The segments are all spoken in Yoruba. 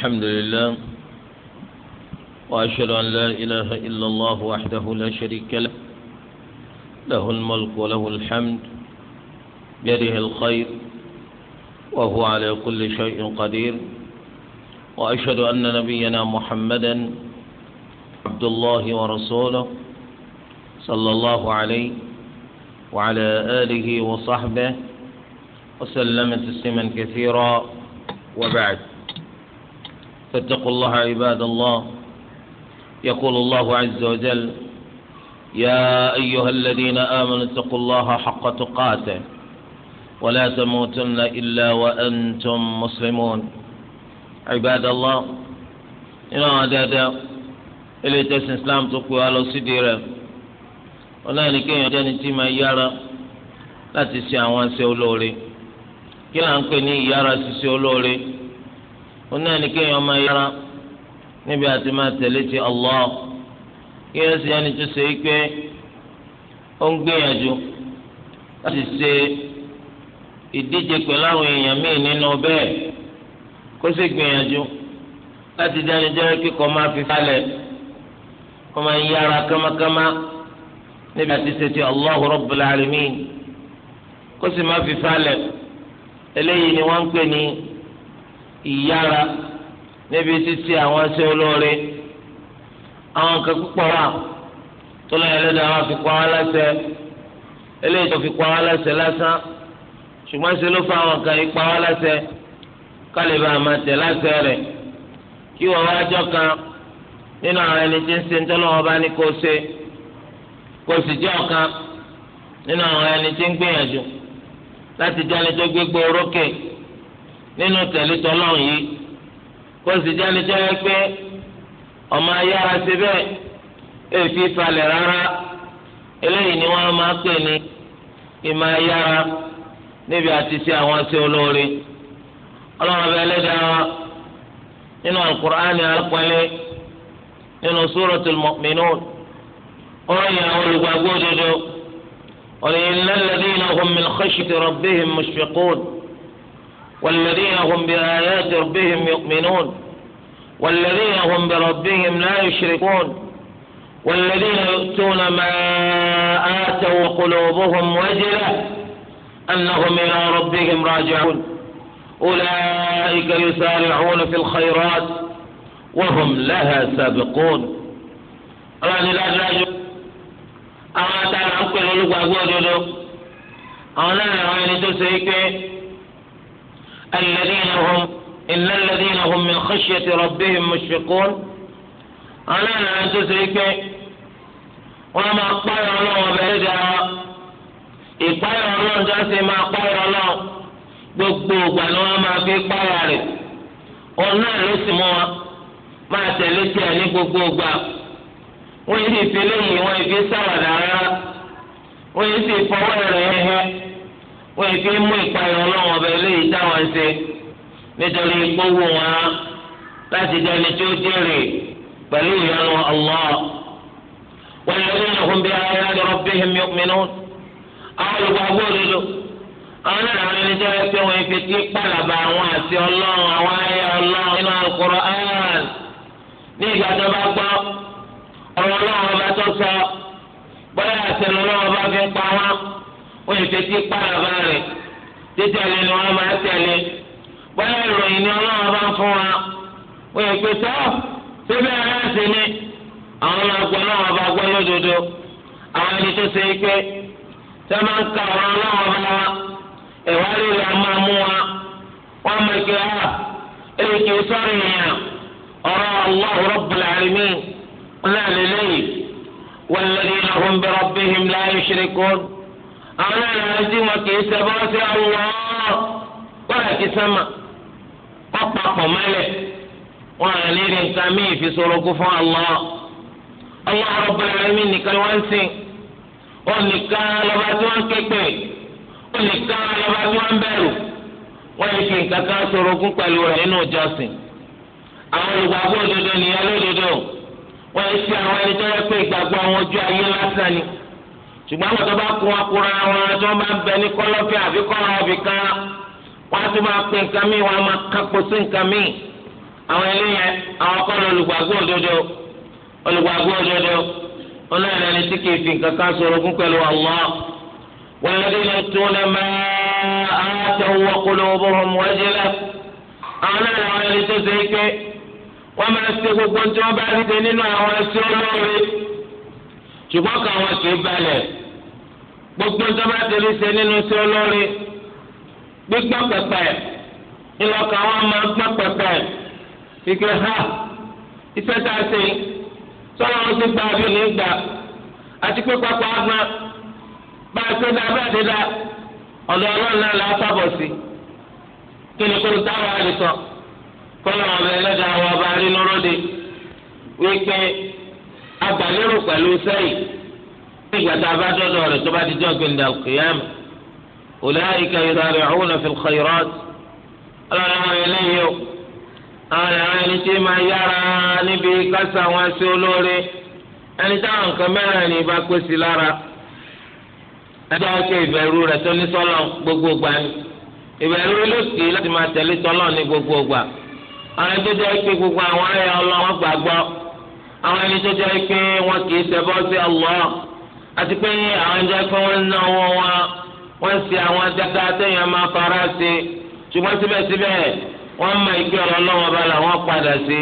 الحمد لله وأشهد أن لا إله إلا الله وحده لا شريك له له الملك وله الحمد بيده الخير وهو على كل شيء قدير وأشهد أن نبينا محمدا عبد الله ورسوله صلى الله عليه وعلى آله وصحبه وسلم تسليما كثيرا وبعد فاتقوا الله عباد الله يقول الله عز وجل يا أيها الذين آمنوا اتقوا الله حق تقاته ولا تموتن إلا وأنتم مسلمون عباد الله إن هذا الى tẹsán islam tó pe wa lọ sídìí rẹ̀ ọlọ́run ní kéèyàn jẹ́ni tí máa yára láti ṣe onáà ní kéèyàn máa yára níbi àti máa tẹ̀lé ti Allah kéèyàn sì yẹn ni tó ṣe pé ó ń gbìyànjú láti ṣe ìdíje pẹ̀lú àwọn èèyàn míì nínú bẹ́ẹ̀ kó sì gbìyànjú láti dání jẹ́ kíkọ́ máa fi falẹ̀ kó máa yára kámákámá níbi àti ṣe ti Allah Rabbul Alamin kó sì máa fi falẹ̀ eléyìí ni wọ́n ń pè ní. ìyára níbi títí àwọn ṣe olóore àwọn kan púpọ̀ wà tó lọ́yìn ẹlẹ́dàá wọn fi pa wọn lẹ́sẹ̀ eléyìí tó fi pa wọn lẹ́sẹ̀ lásán ṣùgbọ́n ṣe ló fa àwọn kan yìí pa wọn lẹ́sẹ̀ kálíbà àmà tẹ̀ lásẹ̀ rẹ̀ kí wọ́n wá jọ kan nínú àwọn nínú tẹ̀lé tọ́lọ́run yìí kó sì jẹ́ ẹni tó yẹ pé ọmọ ayára ṣe bẹ́ẹ̀ èfi falẹ̀ rárá eléyìí ni wọ́n máa pè ní ìmọ̀ ayára níbi àti ṣe àwọn ṣe olóore ọlọ́run ọba ẹlẹ́dàá wa nínú alukur'ani alápọ̀lẹ́ nínú suratul mu'minun ọ̀rọ̀yìn àwọn olùgbàgbọ́ òdodo ọ̀rọ̀yìn lẹ́lẹ́dẹ́ ìnáwó min khashyati rabbihim mushfiqun. والذين هم بآيات ربهم يؤمنون والذين هم بربهم لا يشركون والذين يؤتون ما آتوا وقلوبهم وجلة أنهم إلى ربهم راجعون أولئك يسارعون في الخيرات وهم لها سابقون ọlọ́ni dájúdájú àwọn àtàrà ń pè lólùgbàgbọ́ òdodo àwọn náà làwọn ẹni tó ṣe é pé. الذين هم إلا الذين هم من خشية ربهم مشفقون أنا أن تشرك وما قال الله وبهجا ìpáyà ọlọ́run tó ṣe máa páyà ọlọ́run gbogbo ògbà ni wọ́n máa fi páyà rẹ̀ òun náà ló sì mú wọn máa tẹ̀lé tiẹ̀ ní gbogbo ògbà wọ́n yìí sì fi léyìn wọ́n yìí fi sáwàdà rárá wọ́n yìí sì fọwọ́ rẹ̀ hẹ́hẹ́. wọ́n yẹ kí mú ìpayọ̀ ọlọ́wọ́n ọbẹ̀ eléyìí táwọn ṣe nítorí gbówó wọn láti dẹni tí ó jèrè pẹ̀lú ìyanu Allah wọ́n yẹ kí wọ́n bí ya lọ́rọ́ bí ẹ̀mí A àwọn olùgbàgbọ́ òdodo àwọn náà àwọn ẹni jẹ́ wọ́n fi pàlàbà àwọn àti ọlọ́run àwọn ayé ọlọ́run nínú ní ìgbà tó bá gbọ́ ọ̀rọ̀ ọlọ́run ọba tó sọ bọ́lá ó lè fetí pààlà rẹ̀ títẹ̀lé ni wọ́n máa tẹ̀lé bóyá ìròyìn ni ọlọ́run bá ń fún wa ó lè pe tọ́ síbẹ̀ aláṣẹ ni àwọn máa náà wọ́n bá gbọ́ lódodo àwọn ẹni tó ṣe pé tẹ́ máa ń ka ọ̀rọ̀ ọlọ́run bá wa ìwádìí rẹ̀ máa mú wa wọ́n máa ké wá èyí kì í sọ̀rọ̀ ìyàn ọ̀rọ̀ Allah Rabbul Alamin náà lélẹ́yìn wal ladina hum bi rabbihim la yushrikun. àwọn ènìyàn tí wọn kì í ṣẹbọ sí àwòrán kọ́lá kí sánmà kọ́pà pọ̀ mẹ́lẹ̀ wọn à ní rìn ká mí ìfisorogun fún Allah Allah Rabbul nìkan tí képe tí wọn yìí fi nǹkan kan nínú ìjọsìn àwọn olùgbàgbọ́ òdodo ṣùgbọ́n àwọn tó bá kún akura wọn tó bá bẹ ní kọ̀lọ̀fín àbí kọlọfì kan wọn tó bá pín nǹkan míì wọn máa kápò sí nǹkan míì àwọn eléyẹn àwọn kọ́ olùgbàgbọ́ òdodo olùgbàgbọ́ òdodo olóyìn ẹni tí kìí fi nǹkan kan sọ̀rọ̀ fún pẹ̀lú Allah walladhina yu'tuna ma ataw wa qulubuhum wajila àwọn náà làwọn ẹni tó ṣe é pé wọ́n máa ṣe gbogbo ṣùgbọ́n káwọn kì í balẹ̀ gbogbo ń tọ́ba tẹ̀lé ṣe nínú sí olórí gbígbọ́ pẹ̀pẹ̀ ìlọ́kà wọn máa gbọ́ pẹ̀pẹ̀ ìgbẹ́ ha iṣẹ́ tá a ṣe sọ́wọ́ wọn ti gba àbí òní gbà àti pé pápá agbọ́n bá a ṣe dá bá a ṣe dá ọ̀dọ̀ ọlọ́run náà là á sábọ̀ sí kí ni kó táwọn àdìsọ kọ́ lọ́wọ́ ọ̀bẹ ẹlẹ́dàá wọ ọba rínú lóde wípé gbà lérò pẹ̀lú sẹ́yìn ní ìgbà tá a bá dọ́dọ̀ rẹ̀ tó bá ti jọ́ gbẹ̀ndà kìyàm ulaika yusari'una fil khayrat ọlọ́run àwọn eléyìí o àwọn àwọn ẹni tí máa yára níbi kásá wọn sí olóore ẹni táwọn nǹkan mẹ́rin ní bá pé sí lára ẹjọ́ ṣe ìbẹ̀rù rẹ̀ tó ní sọ́lọ́ gbogbo gbà ni ìbẹ̀rù ló sì àwọn ẹni tó jẹ́ pé wọn kì í ṣẹbọ sí Allah àti pé àwọn ẹni tó jẹ́ pé wọ́n ń ná owó wọn wọ́n ń ṣe àwọn dáadáa téèyàn máa fara ṣe ṣùgbọ́n síbẹ̀síbẹ̀ wọ́n mọ ìgbé ọ̀rọ̀ lọ́wọ́ bá làwọn padà sí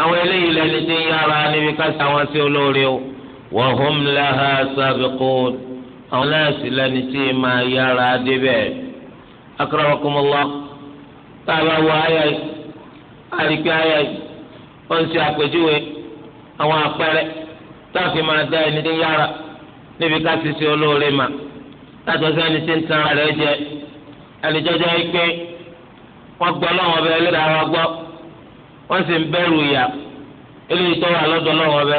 àwọn eléyìí lẹni tí ń yára níbi ká ṣe àwọn sí olóore o wa hum laha sabiqun àwọn náà sì lẹni tí máa yára débẹ̀ akramakumullah táwa wọ ayáyí àríkí ayáyí ó ń ṣe àpèjúwe. àwọn àpẹẹrẹ táàfì máa dá ẹni dé yára níbi ká ṣe olóore ma láti ọsẹ ẹni tí ń tan ara jẹ àlejòjọ yìí pé wọn gbọ́ lọ́wọ́ ọbẹ ẹlẹ́dàá wa gbọ́ wọn sì ń bẹ̀rù ìyà eléyìí wà lọ́dọ̀ lọ́wọ́ ọbẹ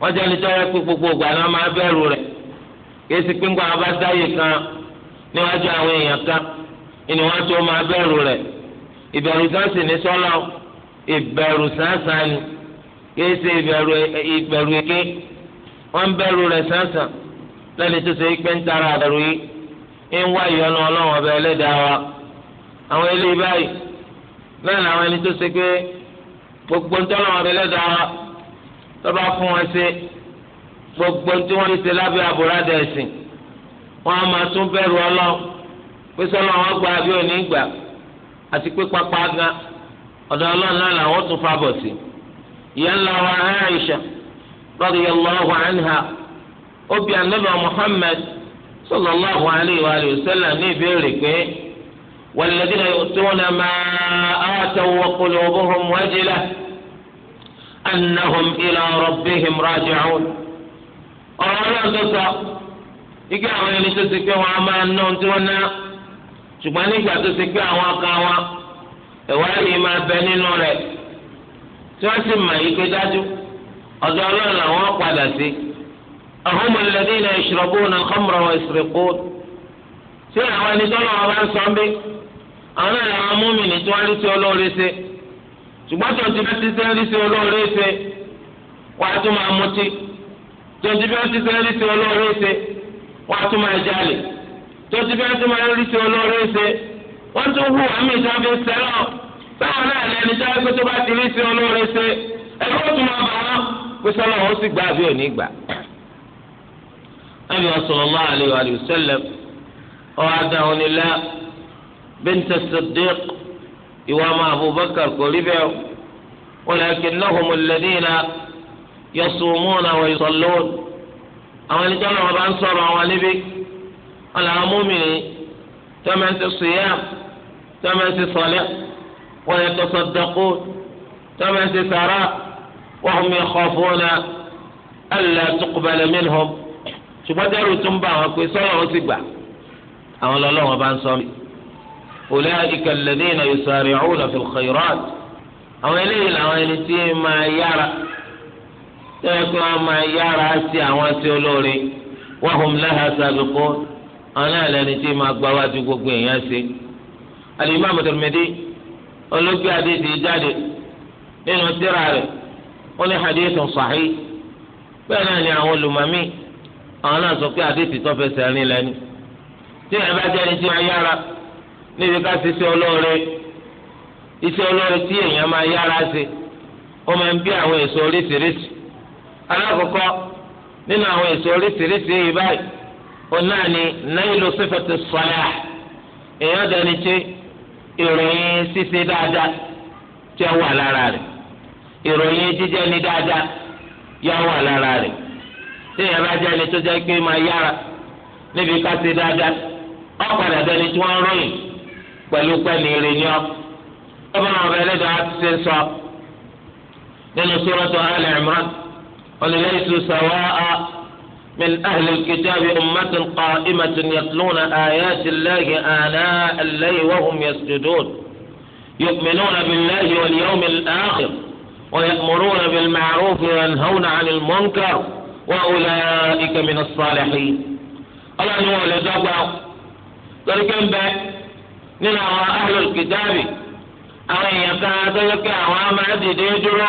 wọn jẹ ẹni tó yẹ gbogbo náà máa bẹ̀rù rẹ kí esi dáyé kan níwájú àwọn èèyàn kan wọn tó máa kìí ṣe e- e- ìbẹ̀rù ike èké wọ́n bẹ̀rù rẹ̀ sánsan lẹ́ni tó ṣe tara àdàrú yìí ń wá ìyọnu ọbẹ̀ ẹlẹ́dàá wa àwọn eléyìí báyìí náà làwọn ẹni tó ṣe pé gbogbo ń tọ́lọ́run ọbẹ̀ ẹlẹ́dàá wa tó fún wọn ṣe gbogbo tí wọ́n ṣe lábẹ́ àbúradà ẹ̀sìn wọ́n á máa tún bẹ̀rù ọlọ́run pé sọ́lá gba ìyá ńlá wa Aisha radiyallahu anha obi anabi Muhammad sallallahu alayhi wa sallam ní ìbéèrè pé walladhina yu'tuna ma ataw wa qulubuhum wajilah annahum ila rabbihim raji'un ọ̀rọ̀ náà tó sọ ike àwọn ẹni tó ti pé wọn a máa ná ohun tí wọn ná ṣùgbọ́n nígbà tó ti pé àwọn kan wọn ẹ̀wá yìí máa bẹ nínú rẹ̀. tí wọ́n sì mọ̀ yìí pé dájú ọ̀dọ̀ ọlọ́run làwọn padà sí ọ̀hún ọ̀lẹ́dẹ́ ilẹ̀ ìṣòro náà kọ́mùrọ̀ wọ̀ ìṣòro ṣé àwọn ẹni tó lọ́wọ́ bá ń sọ bí àwọn ẹ̀rọ àwọn múmìnì tí wọ́n rí sí olóore ṣe ṣùgbọ́n tó ti bá ti rí sí olóore ṣe wọ́n á tún máa mutí tó ti bá ti rí sí olóore ṣe wọ́n báwọn náà lẹni tí wọn gbé tó bá ti rí sí olóore ṣe ẹgbẹ́ tó máa bá wọn pé sọ́nà ó sì gbà àbí òní gbà. Àbí sallallahu alayhi wa sallam ọ̀hún adáhùn ni lá bint as-Siddiq ìwà ọmọ kò rí bẹ́ẹ̀ walakinnahum alladhina yasumuna wa yusallun àwọn ẹni tí wọn bá ń sọ̀rọ̀ àwọn níbí wọn làwọn múmi tọ́mẹ́ntì sùyàm tọ́mẹ́ntì sọ̀lẹ́. ويتصدقون كما تسارى وهم يخافون ألا تقبل منهم ṣùgbọ́n dẹ́rù tún bá wọn pé sọ́yà ó sì gbà àwọn lọ́lọ́wọ́n bá ń sọ mi. أولئك الذين يسارعون في الخيرات àwọn eléyìí làwọn ẹni tí máa yára tẹ́lẹ̀ pé wọ́n máa yára sí àwọn tí olóore wahum laha sabiqun àwọn náà lẹni tí máa gbáwájú gbogbo èèyàn ṣe. Al-Imam Tirmidhi olóògbé adéṣe jáde nínú tírà rẹ̀ ó ní hadithun sahih bẹ́ẹ̀ náà ni àwọn olùmọ̀mí àwọn náà sọ pé adéṣe tó fẹsẹ̀ rìn lẹ́nu tí ẹ bá jẹ́ni tí máa yára níbi ká ṣiṣẹ́ olóore iṣẹ́ olóore tí èèyàn máa yára ṣe ó máa ń bí àwọn èso oríṣiríṣi alákọ̀ọ́kọ́ nínú àwọn èso oríṣiríṣi yìí báyìí ó náà ni náà ló èèyàn dẹni tí. ìròyìn ṣíṣe dáadáa tí wà lára rẹ̀ ìròyìn jíjẹ́ ní dáadáa yà wà lára rẹ̀ tí ìyàrá jẹ́ ẹni tó jẹ́ pé máa yára níbi ká ṣe dáadáa ọ̀ padà dẹni tí wọ́n ń ròyìn pẹ̀lú pẹ̀lú ìrìnnì ọ́ ẹlẹ́dàá ti ṣe sọ nínú من أهل الكتاب أمة قائمة يتلون آيات الله آناء الليل وهم يسجدون يؤمنون بالله واليوم الآخر ويأمرون بالمعروف وينهون عن المنكر وأولئك من الصالحين الله نوع لدعوة ذلك بقى من أهل الكتاب أن يكاد لك أوامع ديدرو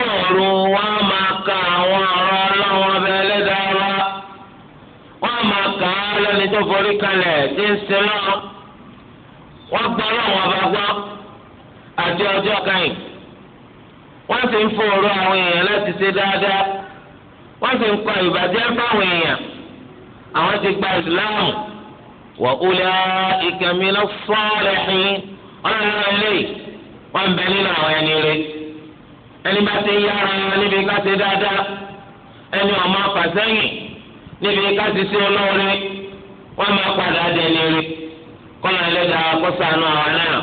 أولو وما كان وراء الله tó forí kalẹ̀ ti ń sin lọ́wọ́ wọ́n gbọ́ lọ́wọ́ ọba gbọ́ àti ọjọ́ kẹ́yìn wọ́n sì ń fòòró àwọn èèyàn láti ṣe dáadáa wọ́n sì ń kọ ìbàjẹ́ fáwọn èèyàn àwọn ti gba ìsìláàmù wà ulaika mina salihin ọlọ́run eléyìí wọ́n ń bẹ nínú àwọn ẹni rẹ̀ ẹni bá ti yára níbi ká ṣe dáadáa ẹni ọmọ afàsẹ́yìn níbi ká ti ṣe olóore. wọ́n máa padà dẹni rí kọ́nà ẹlẹ́dàá kó sànú àwọn náà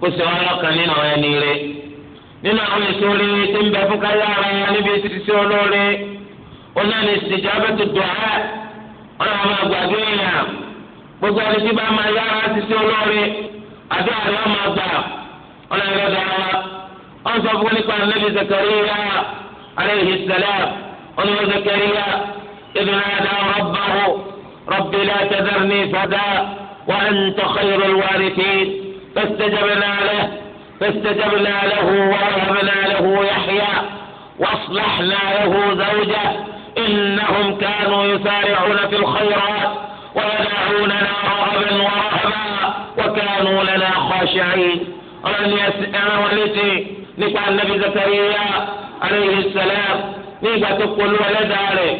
kó sì wọ́n lọ́kàn nínú àwọn ẹni rí nínú àwọn ètò rí tí ń bẹ fún káyọ̀ ara níbi títí sí olóore onáni ìsìnjábẹ́ tó dùn á ọ̀nà àwọn àgbàdo èèyàn gbogbo ẹni tí bá máa yára olóore wa sọ fún nípa zakari رب لا تذرني فدا وأنت خير الوارثين فاستجبنا له فاستجبنا له ووهبنا له يحيى واصلحنا له زوجه إنهم كانوا يسارعون في الخيرات ويدعوننا رغبا ورهبا وكانوا لنا خاشعين أرني أولتي نفع النبي زكريا عليه السلام نفع تقول ولد عليه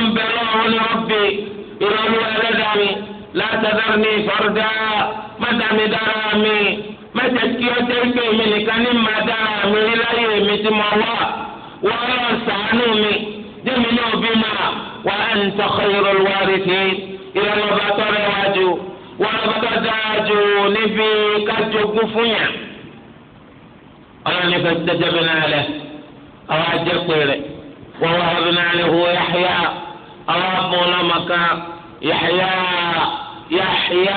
أنبئ الله لربي ìrọ̀lú ẹlẹ́dàá mi látàdá mi fọ́rọ̀dá mẹ́tàmí dára mi mẹ́tẹ̀ kí ó jẹ́ pé mi nìkan ní màá dára mi rí láyé mi tí mo wà wọ́n yọ sàánú mi jẹ́mi ní òbí mà wà á ń tọ́kọ ìrọ̀lúwárí sí ìrọ̀lú ọba tọ́rọ iwájú wọ́n lọ bá dáa ju níbi kájogún fún yàn. ọlọ́ni fẹ́ tẹ́tẹ́ bí náà lẹ̀ àwọn ajẹ́pẹ́ rẹ̀ wọ́n wá bí náà lè hu yáyá. àwọn afọwọ́lámaka yàhíyá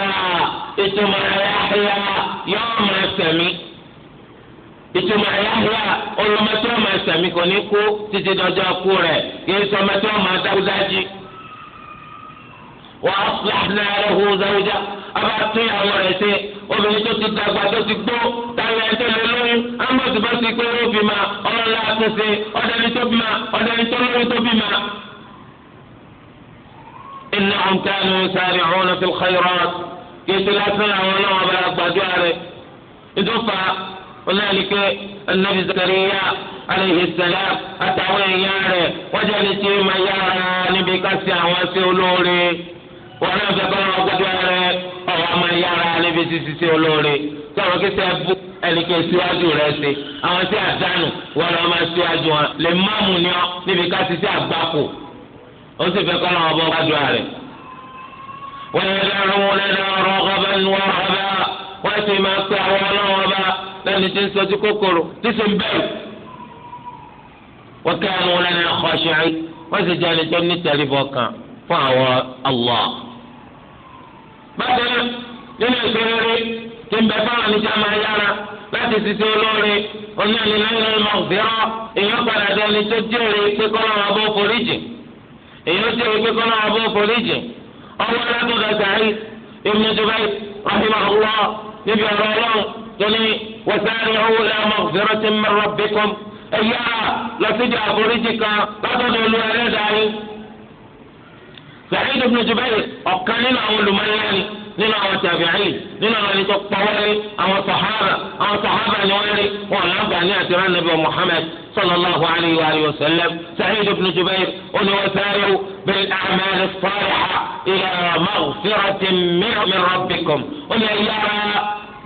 maka ìtumọ̀ yàhíyá yọọ máa sẹ̀mí ìtumọ̀ yàhíyá olùmọ̀tò máa sẹ̀mí kò ní kú títí dọjọ́ kú rẹ̀ yìí sọmọtò máa dáwúdájì. wà á fúlàfúlà rẹ̀ tún ìyàwó rẹ̀ sí obìnrin tó ti dàgbà tó ti gbó ẹ̀ tó lè lóyún bá ti pé ó ma ọlọ́lá àtúnṣe ọ̀dẹ́ni tó tó lóyún tó إنهم كانوا يسارعون في الخيرات يتلاسون ولا وبلا جاري إذوفا وذلك النبي زكريا عليه السلام أتعوين ياري وجلسي من ياري نبي كسي عواسي ولوري وأنا بقول وجاري أو أما ياري نبي سيسي ولوري sọ̀rọ̀ kí sẹ́ bú ẹnìkan síwájú rẹ̀ ṣe àwọn tí àdánù wọn lọ́ọ́ máa síwájú wọn lè máàmù ó sì fẹ́ kọ́ lọ́wọ́ bọ́ gbàdúrà rẹ̀. wọ́n yẹ dárúwọ́ lẹ́nu èyí ló ṣe wípé kọ́nà àbọ̀ foríjì ọmọ alágbèbè sàárì ibn Jubayr rahimahullah níbi ọ̀rọ̀ ọlọ́run tó ní wasaari owó lamọ fẹrẹsẹ mẹrọ bẹkọm ẹyà lọsídìí àforíjì kan látọ̀dọ̀ olú ẹlẹ́dàá ni sàárì ibn ọ̀kan nínú àwọn olùmọ̀lẹ́ni nínú àwọn tàbíàyìn nínú àwọn ẹni tó pawọ́lé àwọn sàhábà àwọn sàhábà ni wọ́n rí wọn láǹfààní àti ránàbẹ Muhammad sallallahu alayhi wa sallam Sa'id ibn Jubair oníwàsáyẹwò bil a'mal as-salihah ila maghfiratin min rabbikum ó ní ẹ̀yà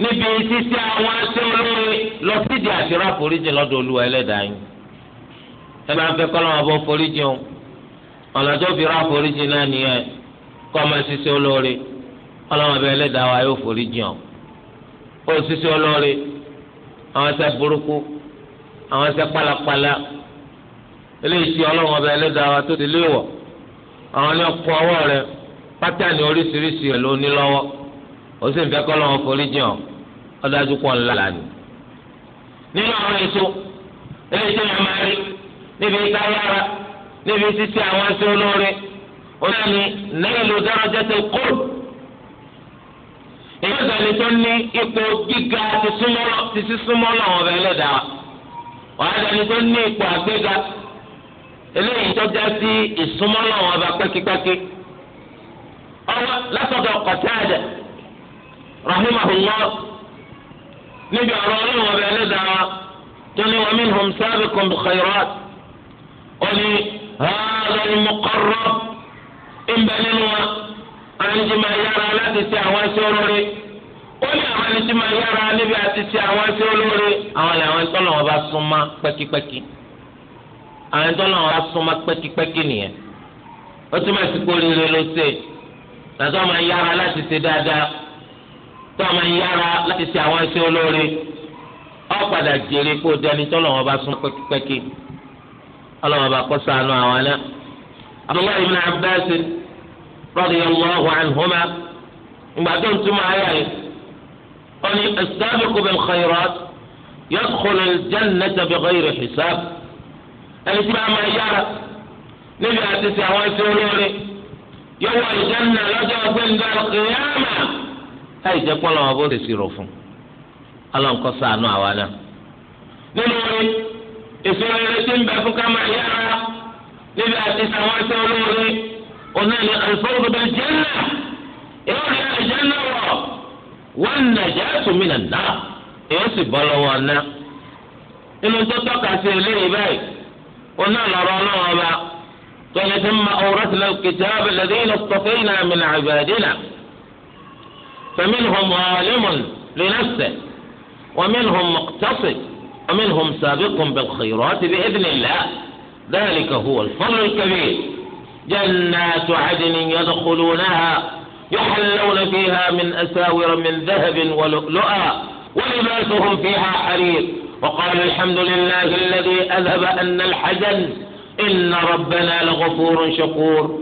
níbi sísẹ àwọn ẹsẹ olóore lọ sídi àṣírà foríjì lọ́dọ̀ Olúwa Ẹlẹ́dàá yín ẹ ọlọ́run ọbẹ̀ ẹlẹ́dàá wa yóò forí jìn ọ́ òṣìṣẹ́ ọlọ́ọ̀rẹ́ àwọn ẹsẹ̀ burúkú àwọn ẹsẹ̀ pálapàla eléyìí tí ọlọ́run ọbẹ̀ ẹlẹ́dàá wa tó ti léwọ̀ àwọn ní ọkọ ọwọ́ rẹ pátánì oríṣiríṣi ẹ̀ ló ní lọ́wọ́ ó sì ń fẹ́ kọ́ ọlọ́run forí jìn ọ́ ọdájú pọ̀ ńlá lánìí. nínú àwọn èso eléyìí tí wọ́n níbi ìta níbi títí àwọn ẹsẹ̀ olóore ó náà ní náà èyí ọ̀sán ni tó ní ipò gíga ti sísúmọ́ lọ́wọ́ ọ̀bẹ ẹlẹ́dàá wàá dání tó ní ipò àgbéga eléyìí tó já sí ìsúmọ́ lọ́wọ́ ọba pẹ́kípẹ́kí ọwọ́ látọ̀dọ̀ Qatada rahimahullah níbi ọ̀rọ̀ ọlọ́wọ́ ọba ẹlẹ́dàá tó ní wa minhum sabiqun bi khayrat ó ní hàlẹ́ mọ́kọ́rọ́ ń nínú wa àwọn ẹni tí máa yára láti ṣe àwọn ẹsẹ olóore ó ní àwọn ẹni tí máa yára níbi àti ṣe àwọn ẹsẹ olóore àwọn ni. àwọn ìtọ́lọ̀ wọn bá súnmọ́ pẹ́kípẹ́kí àwọn ìtọ́lọ̀ wọn bá súnmọ́ pẹ́kípẹ́kí nìyẹn ó túmọ̀ sí pé oríire ló ṣe tàtọ́ máa yára láti ṣe dáadáa tó máa yára láti ṣe àwọn ẹsẹ olóore ó padà jèrè kó dání tọ́lọ̀ wọn bá súnmọ́ pẹ́kípẹ́kí ọlọ́wọ́n bá kọ́ sànú àwọn náà Abdullahi ibn Abbas radiyallahu anhuma ìgbà tó ń túmọ̀ ayé rẹ̀ wọ́n ní as-sabiqu bil khayrat yadkhulu al-jannata bighayri hisab ẹni tí wọ́n máa yára níbi àti sè àwọn ẹsẹ̀ olóore yóò wọ al-janna lọ́jọ́ gbẹ̀ndẹ̀ al-qiyama láì jẹ́ pọ́n lọ́wọ́ bó ṣe ṣirò fún ọlọ́nkọ́ sànú àwa náà nínú rẹ̀ ìṣòro rẹ̀ ti ń bẹ fún ká máa yára níbi àti sè àwọn ẹsẹ̀ olóore. قلنا الفوز بالجنة إلى الجنة والنجاة من النار يوسف بلوا النار إنه تتوقع سيرلي باي قلنا لرا وما قال ثم أورثنا الكتاب الذين اصطفينا من عبادنا فمنهم ظالم لنفسه ومنهم مقتصد ومنهم سابق بالخيرات بإذن الله ذلك هو الفضل الكبير جنات عدن يدخلونها يحلون فيها من أساور من ذهب ولؤلؤا ولباسهم فيها حرير وقال الحمد لله الذي أذهب أن الحزن إن ربنا لغفور شكور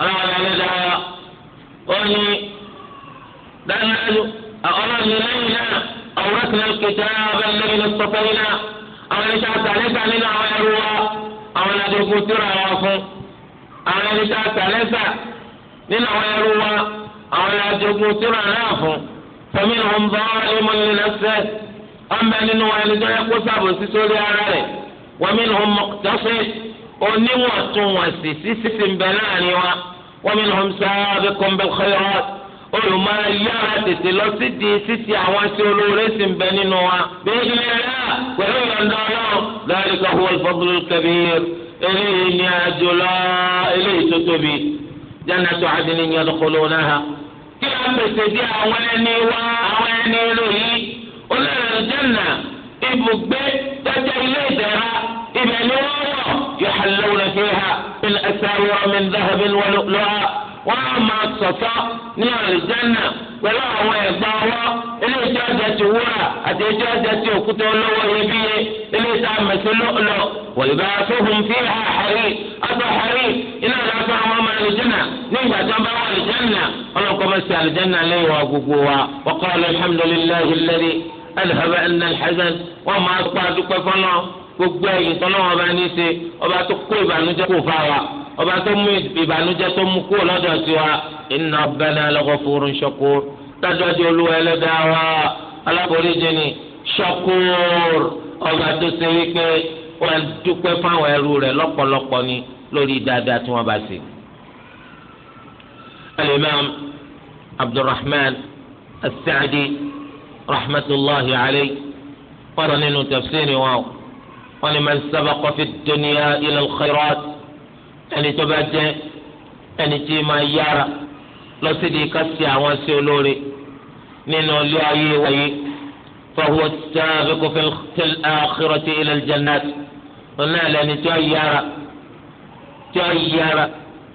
أنا ندعى أني لنا أورثنا الكتاب الذي اصطفينا أو نشأت عليك علينا أو يروى أو ندعو ترى àwọn ẹni tá a sà lẹ́sà nínú àwọn ẹrú wa àwọn ẹni àjogún síra náà fún fẹmi ló ń bọ ẹmu ní lẹsẹ ọmọ nínú wọn ẹni tó yẹ kó sábò sí sórí ara rẹ̀ wọn mi ló ń mọ tọ́sí oníwọ̀ntúnwọ̀nsì sísìsì ń bẹ láàrin wa wọn mi ló ń sọ abẹ kọ́ńbẹ kọ́yọ́ olùmọ̀ yára tètè lọ sí di títí àwọn tí olóore sì ń bẹ nínú wa. bí ilé rẹ̀ pẹ̀lú ìyọ̀ǹda ọlọ́run lọ́ọ̀rì kan wọ́n fọ́bùrù kẹ́bí yẹn. eléyìí ní àjò lọ eléyìí tó tóbi jannatu adnin ha. kí a pèsè dé àwọn ẹni wá àwọn ẹni lóyìí olóòrè jẹnà ibùgbé tọjá ilé ìdẹ̀ra ibẹ̀ ni wọ́n wọ̀ yuhallawna fiha min asawira min dhahabin wa lu'lu'a. wọ́n á máa sọ̀tọ̀ ní àlùjánnà pẹ̀lú àwọn ẹ̀gbà ọwọ́ eléyìí ọjà ti wúrà àti eléyìí ọjà ti òkúta olówó iyebíye eléyìí tá a mẹ̀sí lọ́lọ́ wọ̀lùbá fóhùn fi hà hàrí ọ̀tọ̀ hàrí iná ìlàsọ àwọn ọmọ àlùjánnà ní tó ń bá wà àlùjánnà ọlọ́kọ́ sí àlùjánnà lẹ́yìn wa gbogbo wa wa qala alhamdulillahi alladhi anna alhazan wọ́n máa pa àdúpẹ́ fọ́nà gbogbo ẹ̀yìn tọ́lọ́wọ́n bá ní í ṣe ọba tó kó ìbànújẹ́ kó fáwa ọba tó mú ìbànújẹ́ tó mú kúrò lọ́dọ̀ tiwa inna rabbana laghafurun shakur dájọ́jú olúwa ẹlẹ́dàá wa aláforíjì ni shakur ọba tó ṣe wípé wọ́n dúpẹ́ fáwọn ẹrú rẹ̀ lọ́pọ̀lọpọ̀ ni lórí dáadáa tí wọ́n bá ṣe. al-imam abdulrahman as-sa'di rahmatulahi alayhi wọ́n nínú tafsiri wọn wọ́n ni man sabaqa fi dunya ila ẹni tó bá jẹ́ ẹni tí máa yára lọ sí di ká sí àwọn sí olóore nínú ilé ayé wáyé fọwọ́ sábẹ́ kó fẹ́ àkírọ̀ tí ilẹ̀ jannat ọ̀nà ẹlẹ́ni tó yára tó yára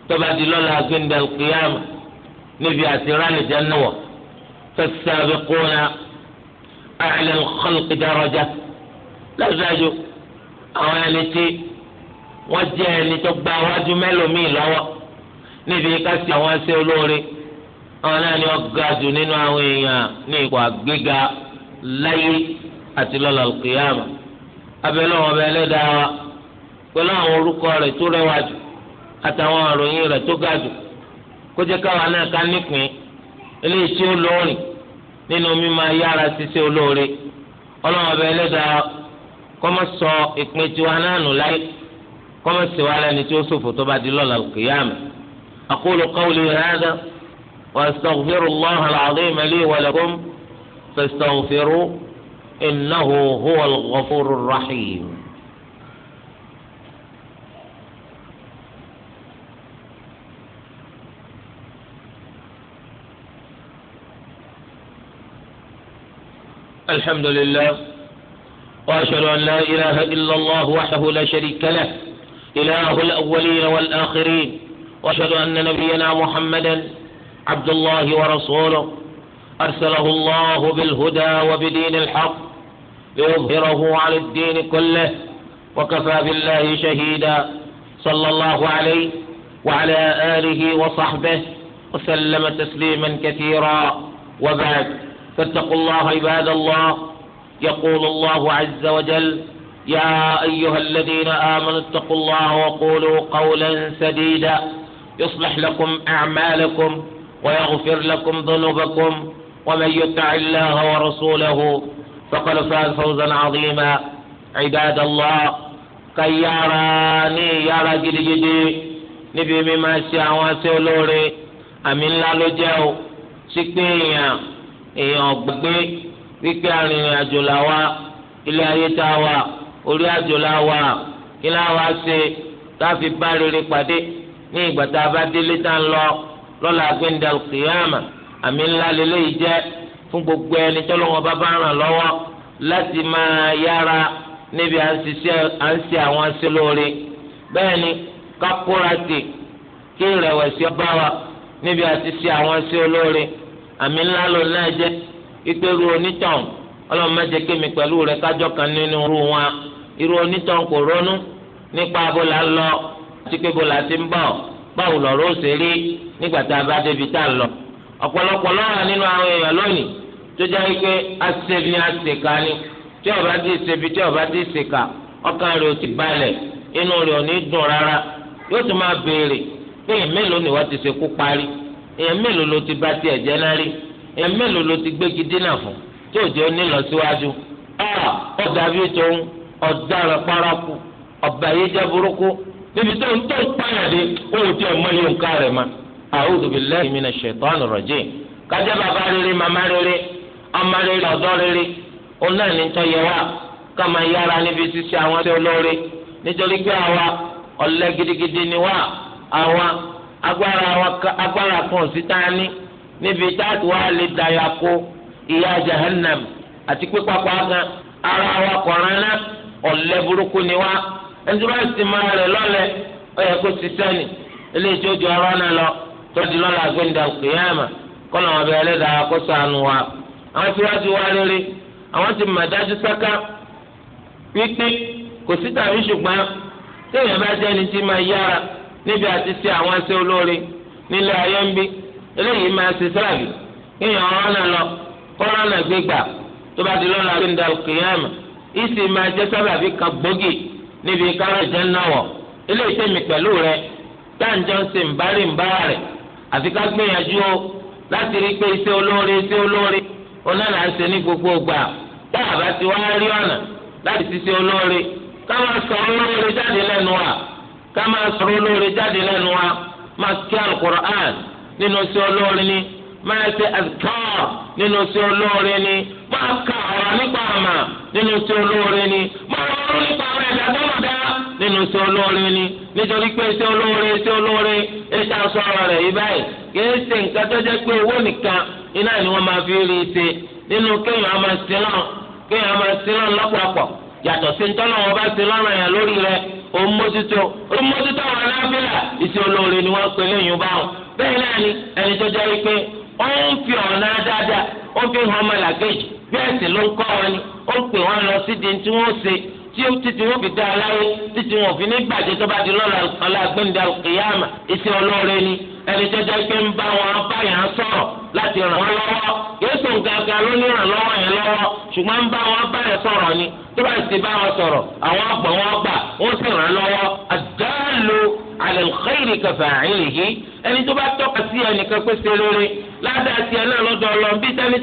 tó bá di lọ́la gbẹ̀ndẹ̀ kìyàmù níbi àtìrá lè jẹ́ náwọ̀ fẹ́sàbẹ́ kó na àlẹ́ kọ́lùkì dáradá lọ́sàájú àwọn ẹni tí wọ́n jẹ́ ẹni tó gba iwájú mẹ́lòmíì lọ́wọ́ níbi ká sí àwọn ẹsẹ̀ olóore àwọn náà ni wọ́n ga jù nínú àwọn èèyàn ní ipò àgbéga láyé àti lọ́la òkèèyàn abẹ́lẹ́ wọn bẹ́ẹ̀ lẹ́dàá wa pẹ̀lú àwọn orúkọ rẹ̀ tó rẹwà jù àtàwọn àròyìn rẹ̀ tó ga jù kó jẹ́ káwa náà ká nípìn eléyìí tí ó lóorìn nínú mímọ yára ṣiṣẹ́ olóore ọlọ́wọ́n bẹ́ẹ̀ lẹ́dàá kọ́mọ́sọ ìpín tiwa náà nù láyé. كما سوى لن يوسف تبعد لولا القيامة أقول قولي هذا وأستغفر الله العظيم لي ولكم فاستغفروا إنه هو الغفور الرحيم الحمد لله واشهد ان لا اله الا الله وحده لا شريك له إله الأولين والآخرين وأشهد أن نبينا محمدا عبد الله ورسوله أرسله الله بالهدى وبدين الحق ليظهره على الدين كله وكفى بالله شهيدا صلى الله عليه وعلى آله وصحبه وسلم تسليما كثيرا وبعد فاتقوا الله عباد الله يقول الله عز وجل يا أيها الذين آمنوا اتقوا الله وقولوا قولا سديدا يصلح لكم أعمالكم ويغفر لكم ذنوبكم ومن يطع الله ورسوله فقد فاز فوزا عظيما عباد الله كي يراني يرى جدي نبي مما شاء سولوري أمين لا لجاو سكينيا إيان إيوه، بقي بكاري أجلاوا إلى يتاوا orí àjò la wà kí la wá ṣe láfi bá rere pàdé ní ìgbà tá a bá délé tá a ń lọ lọ́la gbẹ̀ndà kìyàmà àmì ńlá lélẹ́yìí jẹ́ fún gbogbo ẹni tí Ọlọ́hun bá bá ràn lọ́wọ́ láti máa yára níbi à ń ṣe àwọn aṣẹ lóore bẹ́ẹ̀ ni kákóra tè kí ìrẹ̀wẹ̀sì ọba wa níbi àti ṣe àwọn aṣẹ olóore àmì ńlá ló náà jẹ́ ìpẹ́rù onítàn ọlọ́run má jẹ́ kémi pẹ̀lú rẹ̀ kájọ́ kan nínú irú wọn. irú onítàn kò ronú nípa abúlá lọ àti pé bọ́lá ti ń bọ̀ báwo lọ́rọ́ ó ṣe rí nígbà tá a bá débi tá a lọ. ọ̀pọ̀lọpọ̀ lọ́wọ́ nínú àwọn èèyàn lónìí tó jẹ́ pé ni ni ọba ti tí ọba ti ṣèkà ọkàn ò ti balẹ̀ inú ò ní dùn rárá yóò tún máa béèrè pé èèyàn mélòó ni wọ́n ti parí èèyàn mélòó ló bá lọ síwájú. ọ̀ ọ̀ dàbí ọ̀daràn paraku ọ̀bàyéjẹ́ burúkú níbi tó ń tó ń pààyàdé owó tí ọmọ yóò ń ká rẹ̀ ma. a'udhu billahi minash shaitanir rajim kájẹ́ bàbá màmá ọmọ ọ̀dọ́ ó náà ní tọ́ yẹ wá ká máa yára níbi ṣíṣe àwọn tí nítorí pé àwa gidigidi ni wá àwa kan sí tá a ní níbi lè jahannam àti pípapá ara wa ọ̀lẹ́ burúkú ni wá ẹni tí wọ́n ti máa rẹ̀ lọ́lẹ̀ ó yẹ kó ti sẹ́ni eléyìí tó ju ọ̀rọ̀ náà lọ tó di lọ́la gbẹ̀ndà kìyàmà kọ́nà ọ̀bẹ ẹlẹ́dàá kó sànù wa àwọn tí wọ́n ti wá rere àwọn ti mà dájú sáká wípé kò sí tàbí ṣùgbọ́n téèyàn bá jẹ́ ẹni tí máa yára níbi àti ṣe àwọn ẹsẹ̀ olóore nílé ayé ń bí eléyìí máa ṣe sáàbì ọ̀rọ̀ náà ìsì máa jẹ́ sábàbí kan gbòógì níbi kárọ̀ ìjẹ́nà wọ̀ ilé ìtẹ̀mí pẹ̀lú rẹ táǹjọ́ ń ṣe ńbárì ńbárà rẹ̀ àfi ká gbìyànjú o láti rí pé iṣẹ́ olóore iṣẹ́ olóore onáàlà ń ṣe ní gbogbo gbà tá a bá ti wá rí ọ̀nà láti ṣiṣẹ́ olóore ká máa sọ olóore jáde lẹ́nu wa ká máa sọ olóore jáde lẹ́nu wa máa kí alukur'an nínú iṣẹ́ olóore ni máa ṣe azkar nínú iṣẹ́ olóore ni máa kà á nínú sí olóore ni máa ronú nípa àwọn ẹ̀dá tó dá nínú sí olóore ni nítorí pé sí olóore sí olóore ètò àsọ̀rọ̀ rẹ̀ yí báyìí kì í ṣe nǹkan tó jẹ́ pé owó nìkan iná ni wọ́n máa fi rí i ṣe nínú kéèyàn máa sin lọ́n kéèyàn máa sin lọ́n lọ́pọ̀lọpọ̀ yàtọ̀ sí ntọ́nà wọn bá sin lọ́rùn yẹn lórí rẹ òun mójútó òun mójútó àwọn alábílà ìṣe olóore ni wọ́n pe léyìn báwọn bẹ́ẹ̀ náà ni ẹni tó jẹ́ wípé ó ń fi ọ̀nà dáadáa ó fi hàn ọmọ làgéjì bí ẹ̀sìn ló ń kọ́ wọn ni ó ń pè wọ́n lọ sí di tí wọ́n ṣe tí ó títí wọ́n fi dá aláwọ̀ títí wọ́n fi ní gbàjẹ́ tó bá di lọ́la ọ̀làgbẹ́ndà kìyàmà iṣẹ́ ọlọ́ọ̀rẹ́ ni ẹni jẹjẹ pé ń bá wọn báyà sọ̀rọ̀ láti ràn wọ́n lọ́wọ́ yéésù gàgà ló ní ìrànlọ́wọ́ yẹn lọ́wọ́ ṣùgbọ́n ń bá wọn báyà sọ̀rọ̀ ni tó bá ti bá wọn sọ̀rọ̀ àwọn ọgbọ̀n wọn gbà wọ́n sì ràn lọ́wọ́ àdáàlú alẹ́ xeyìrì kẹfà àìlèyí ẹni tó bá tọ́ka sí ẹnìkan pé ṣe lóore ládàá tiẹ̀ náà lọ́dọ̀ ọlọ́ọ̀ bí sẹ́ni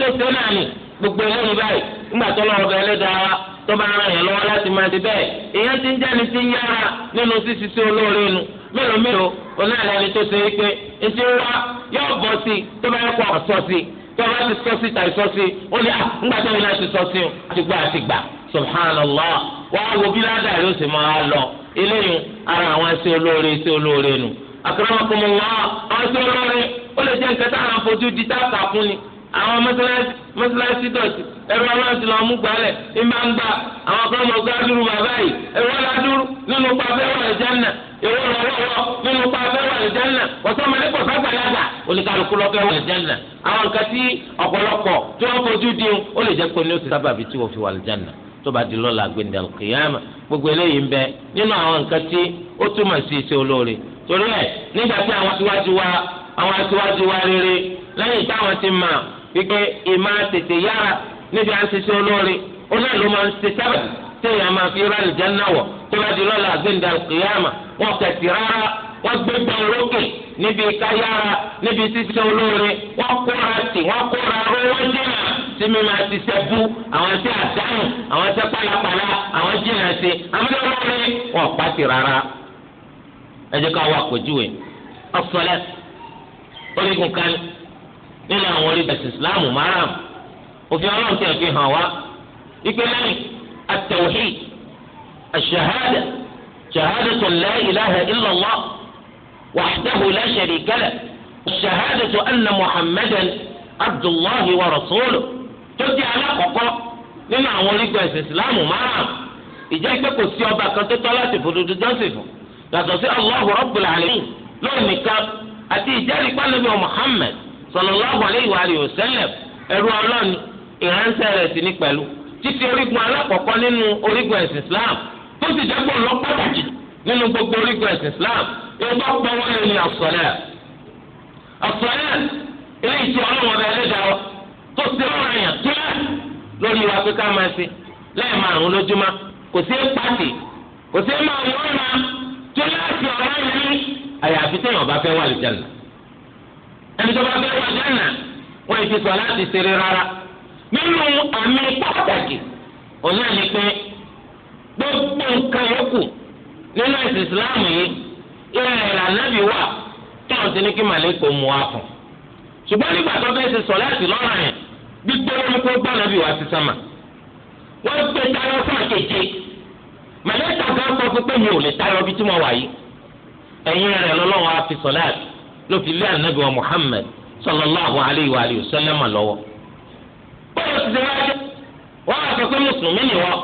gbogbo eléyìí báyìí nígbà tó lọ́wọ́ bẹ ẹlẹ́dàá wa tó bá ara yẹn lọ́wọ́ láti máa ti bẹ́ẹ̀ èèyàn ti ń jẹ́ni tí ń yára nínú sísisi olóore nu mélòó mélòó onáàlẹ́ni tó ṣe é pé etí ń wá yóò bọ́ sí i tó bá yẹ kó ọ̀sọ́ sí i tó bá ti sọ sí tàbí sọ sí i ó ní nígbà tó yẹn ti sọ sí i àti gbà àti gbà subhanallah wà á wo bí yóò máa lọ eléyìí ara àwọn mọ́sálásí dọ̀tí ẹ̀rọ ọlọ́run ti lọ mú gbalẹ̀ ìmọ̀ ń gbà àwọn kan mọ̀ gbàdúrú bàbá yìí ẹ̀rọ ọlọ́dúrú nínú pa fẹ́ràn àlùjánnà ẹ̀rọ ọlọ́wọ́ nínú pa fẹ́ràn àlùjánnà ọ̀sán mọ̀ nípa sàgbàlagbà oníkàlùkù lọ fẹ́ràn àlùjánnà àwọn nǹkan tí ọ̀pọ̀lọpọ̀ tí wọ́n fojú di ó lè jẹ́ pé ní oṣù sábàbí tí wọ́n fi wà àlùjánnà tó bá di lọ́la gbẹ̀ndẹ̀ kìyàmà gbogbo eléyìí ń bẹ nínú àwọn nǹkan tí ó túmọ̀ sí iṣẹ́ olóore torí ẹ̀ nígbà tí àwọn aṣíwájú wa àwọn aṣíwájú wa rere lẹ́yìn táwọn ti máa wípé ìmọ̀ tètè yára níbi à ń ṣiṣẹ́ olóore ó náà ló máa ń ṣe sábàbí téèyàn máa fi rálì jáná wọ̀ tó bá di lọ́la àgbéǹda kìyàmà wọn kẹ̀sì rárá wọn gbé gbọ́n lókè níbi káyára níbi ṣiṣẹ́ olóore wọn kóra tì wọn kóra ró wọn jìnnà tí mi máa ti ṣe bú àwọn tí àdáhùn àwọn tí pálapàla àwọn jìnnà sí amúnáwọlé wọn pàtì rárá. ẹ jẹ́ ká wá àpèjúwe ọ̀sọ̀lẹ̀ orígun kan nínú àwọn orílẹ̀-èdè ìsìláàmù márùn òfin ọlọ́run tẹ̀ fi hàn wá wípé lẹ́yìn at-tawhid ash-shahada shahadatu la ilaha illa Allah wahdahu la sharika lahu shahadatu anna muhammadan abdullahi wa rasuluhu tó di alákọ̀ọ́kọ́ nínú àwọn orílẹ̀-èdè ìsìláàmù márùn ìjẹ́ pé kò sí ọba kan tó tọ́ láti fòdodo jọ́sìn fún yàtọ̀ sí Allahu rabbul alamin lónìí kan àti ìjẹ́rìí sallallahu alaihi wa alihi wasallam ẹrú ọlọ́ni ìránṣẹ́ rẹ̀ sì ní pẹ̀lú títí orígun alákọ̀ọ́kọ́ nínú orígun ẹ̀sìn Islam tó sì jẹ́ pọ̀ lọ́pàdàjì nínú gbogbo orígun ẹ̀sìn Islam ìgbà pọ̀wọ́ yẹn ni àsọ̀lẹ̀ àsọ̀lẹ̀ eléyìí tí ọlọ́wọ́n bẹ ẹlẹ́dàá tó ti rọrùn èèyàn tó yẹ lórí wa pé ká máa ṣe lẹ́yìn márùn-ún kò sí pàtì kò sí máa tó yẹ àti yẹn ní àyàfi téèyàn bá fẹ́ wà ẹni tó bá fẹ́ wọ jẹ́nà wọ́n ti sọ láti ṣeré rárá nínú àmì pàtàkì òun náà ni pé gbogbo nǹkan yòókù nínú ẹ̀sìn ìsìláàmù yìí ìrìn ìrìn ànábì wà táwọn ti ní kí màlẹ́kọ̀ mú wa fún ṣùgbọ́n nígbà tó fẹ́ ṣe sọ láti lọ́rùn yẹn gbígbé wọn kó gbọ́ ànábì wá sí sámà wọ́n gbé tayọ fún àkejì màlẹ́kọ̀ kan sọ fún pé mi ò lè tayọ bí tí mo wà yìí ẹ̀yìn rẹ̀ lọ́lọ́wọ́ á fi sọ láti ló fi lé ànábì Muhammad sallallahu alayhi wa alihi wa sallam lọ́wọ́. báwo ti ṣe jẹ́ wọ́n á sọ pé mùsùlùmí ni wọ́n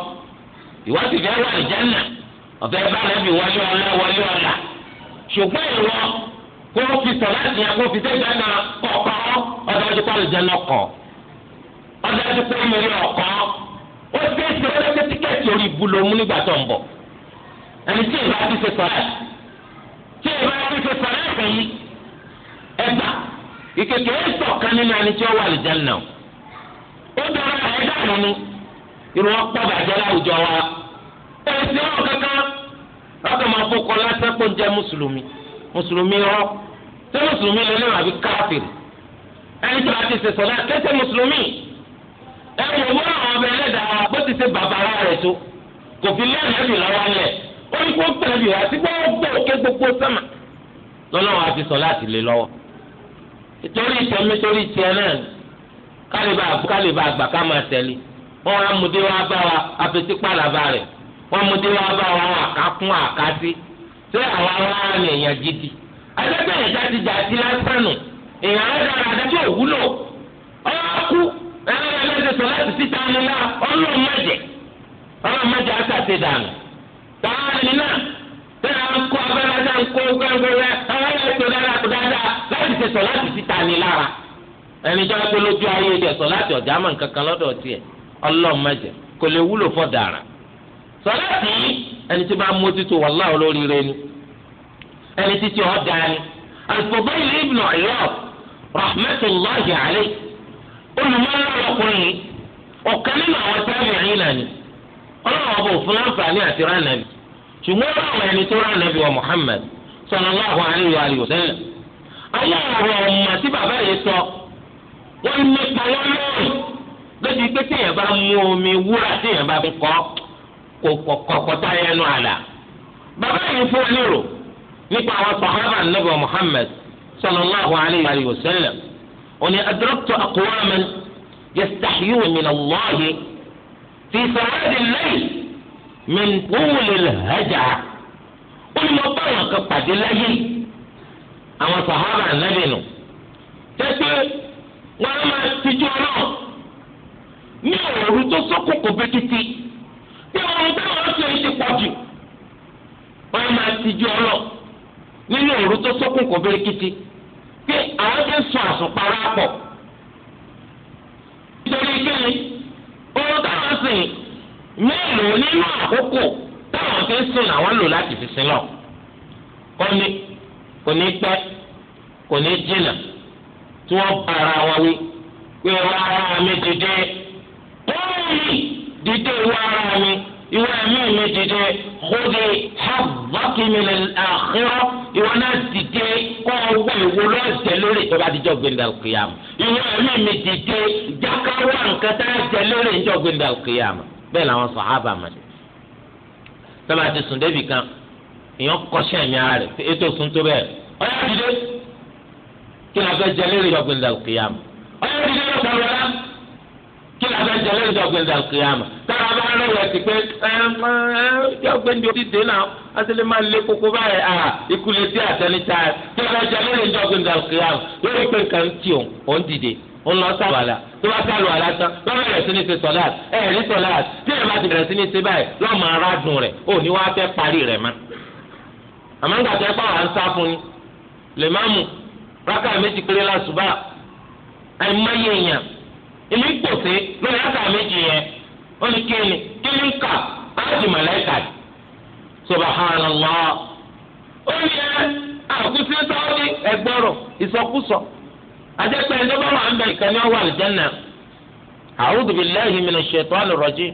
ìwọ́n fẹ́ wà lìjánà ọ̀fẹ́ ọ̀la ọ̀la ṣùgbọ́n kó o fi sọ̀rọ̀ àti fi ṣe ìjánà kọ̀ọ̀kọ́ ọ̀dọ̀ ọdún kọ́ lìjánà kọ̀ ọ̀dọ̀ ọdún ọ̀kọ́ ó ṣe tíkẹ́ẹ̀tì orí nígbà tó ń bọ̀ ẹni tí ṣe sọ̀rọ̀ ẹgbà ìkèké ẹsọ kan nínú ẹni tí ó wà lìjánná ó dára ẹ̀dá nínú irun ọ̀pọ̀ bàjẹ́ láwùjọ wa èsì ọ̀rọ̀ kankan ọkọ̀ máa fọkọ lásán pé ó jẹ́ mùsùlùmí mùsùlùmí rọ ṣé mùsùlùmí lè léwà bí káfíìrì ẹni tí wàá ti ṣe sọ̀dá kẹsẹ̀ mùsùlùmí ẹ wò wọ́n àwọn ọmọ ẹlẹ́dàá bó ti ṣe bàbára rẹ̀ tó kò fi lẹ́ẹ̀lẹ́bì lọ́wọ́ lẹ̀ ó ní kó pẹ̀lú àti gbọ́ gbọ́ òkè gbogbo sẹ́mà lọ́lọ́wọ́ àti sọ láti lé lọ́wọ́. ìtorí ìtẹ̀mí torí ìtẹ̀ náà kálíbà kálíbà àgbà ká máa tẹ̀lé wọn wá mudé wá bá wa apẹtí pàlàbà rẹ wọn mudé wá bá wa àkákún àkásí ṣé àwọn èèyàn gidi àtẹ́tẹ́ yẹn jáde jáde lásán nù èèyàn alágbára adájọ́ òwúlò ọ̀ọ́kú ẹ̀rọ ẹlẹ́sẹ̀ sọ láti síta nílá ọlọ́run mẹ́jẹ̀ ọlọ́run mẹ́jẹ̀ dànù náà tẹ́lẹ̀ ń kó abẹ́rẹ́ ń kó láti ṣe sọ láti ti ta lára ẹni tó ń pè lójú ayé jẹ sọ láti ọjà mọ nǹkan kan lọ́dọ̀ tiẹ̀ Ọlọ́run kò lè wúlò fọdàrà sọ láti ẹni tí máa mójútó wàláhì olóríire ni ẹni títí ọdà ni Al-Fudayl ibn Iyad rahmatulahi alayhi olùmọ̀lá ọkùnrin ọ̀kan nínú àwọn ni Ọlọ́run láǹfààní àti ṣùgbọ́n ẹni tó Muhammad aláàárọ̀ ọ̀mà tí bàbá yìí sọ wọ́n nípa wọn lọ́rùn lójú pé téèyàn bá mú omi wúrà téèyàn bá fi kọ́ kò kọ̀kọ́ táyà ẹnu àlà. bàbá yìí fún onírò nípa àwọn sàhábà nàbà Muhammad sallallahu alayhi wa sallam òní adraktu aqwaman yastahyuna min Allahi fi sawadi al-layl min tuuli al ó ní mo bá wọn kan pàdé láyé àwọn sàhábà ànábì nù tẹ́tẹ́ wọn á máa tijú ọlọ́ọ̀ ní òru tó sókòkò bẹ́kìtì tí wọn bá wọn ṣe ti pọ̀ wọn á máa tijú ọlọ́ọ̀ nínú òru tó sókòkò bẹ́kìtì pé àwọn ti ń sọ àsùnpara nítorí kíni táwọn mélòó nínú àkókò táwọn ti ń sìn lò láti kò ní pẹ́ kò ní jìnnà tí wọ́n bá ara wọn wí pé rárá mi dìde bẹ́ẹ̀ni dìde ìwọ ara mi ìwọ ẹ̀mí mi dìde kóde hábàkìmìlẹ̀ àkírọ́ ìwọ náà dìde kọ́ ọgbà ìwọ lọ́sẹ̀ lórí ìjọba àdìjọ́ gbẹ̀ndà òkèèyàmù ìwọ ẹ̀mí mi dìde jákàwá nǹkan tá lórí ìjọba gbẹ̀ndà òkèèyàmù bẹ́ẹ̀ làwọn sàhábà máa ṣe. tọ́ba ti sùn débì kan èèyàn kọ́ṣẹ́ ẹ̀mí ara rẹ̀ ètò òsùn tó bẹ́ẹ̀ ọ̀yá dìde kí la fẹ́ jẹ lérè ìjọba ìdàlù kìyàmù ọ̀yá dìde ló kọ̀ wọ́lá kí la fẹ́ jẹ lérè ìjọba ìdàlù kìyàmù tára bá rẹ̀ wẹ̀ sí pé ìjọba ìdí òtí dé náà asẹ́lẹ̀ máa lé koko báyìí à ìkúlẹ̀ sí àtẹnitá kí la fẹ́ jẹ lérè ìjọba ìdàlù kìyàmù lórí pé nǹkan tí òun òun dìde ó lọ sálù àlà tó bá sálù àlà lọ bẹ̀rẹ̀ sí ní ṣe sọ̀láàt ẹ̀ẹ́dì sọ̀láàt tí ẹ̀ bá ti bẹ̀rẹ̀ sí ní ṣe báyìí lọ́ọ̀ máa rẹ̀ ò ní wá fẹ́ parí rẹ̀ mọ́ àmọ́ ń gbàgbé pé àwọn sá fún ni lè má mú rákà méjì péré lásùbà àìmọye èèyàn èmi gbòsè lórí rákà méjì yẹn ó ní kí ni kí ni ń kà áàdì màláìkà subhanallah ó yẹ àkútí sáwọ́dí ẹgbọ́rọ̀ ìsọkúsọ àjẹpẹ́ ẹni bá wà ń bẹ ìkànnì ọwọ́ àlùjẹ́nà a'udhu billahi minash shaitani rajim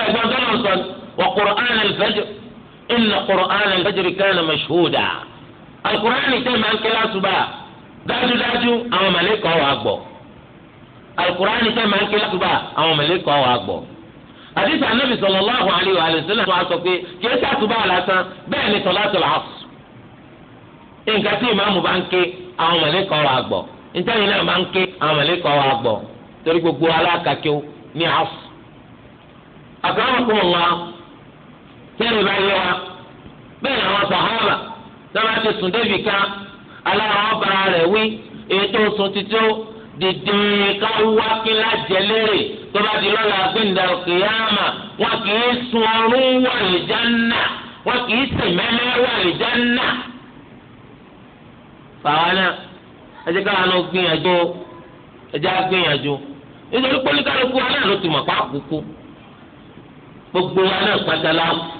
ẹ̀gbọ́n tó lọ sọ wa qur'an al-fajr inna qur'ana al-fajri kana mashhuda alukur'ani tẹ́ máa ń kí lásùbà dájúdájú àwọn màlẹ́kọ̀ wà gbọ́ alukur'ani tẹ́ máa ń kí lásùbà àwọn màlẹ́kọ̀ wà gbọ́ àdìsí anabi sallallahu alayhi wa sallam tó a sọ pé kí ẹ sàtúbà lásán bẹ́ẹ̀ ni salatul asr nǹkan tí ìmáàmù bá ń ké àwọn màlẹ́kọ̀ wà gbọ́ nítorí náà máa ń ké àwọn màlẹ́kọ̀ wà gbọ́ torí gbogbo alákàkíw asr àkàrà tẹ́lẹ̀ bá yé wa bẹ́ẹ̀ làwọn sàhábà sábà ti sùn débi kan alára wọn rẹ̀ wí ètò sùn títí dìde ká kí lájẹ lérè tó bá di lọ́la gbẹ̀ndà kìyàmà wọn kì í sun ọrún wà lè wọn kì í mẹ́lẹ́ wà lè náà gbìyànjú gbìyànjú nítorí pa gbogbo wa náà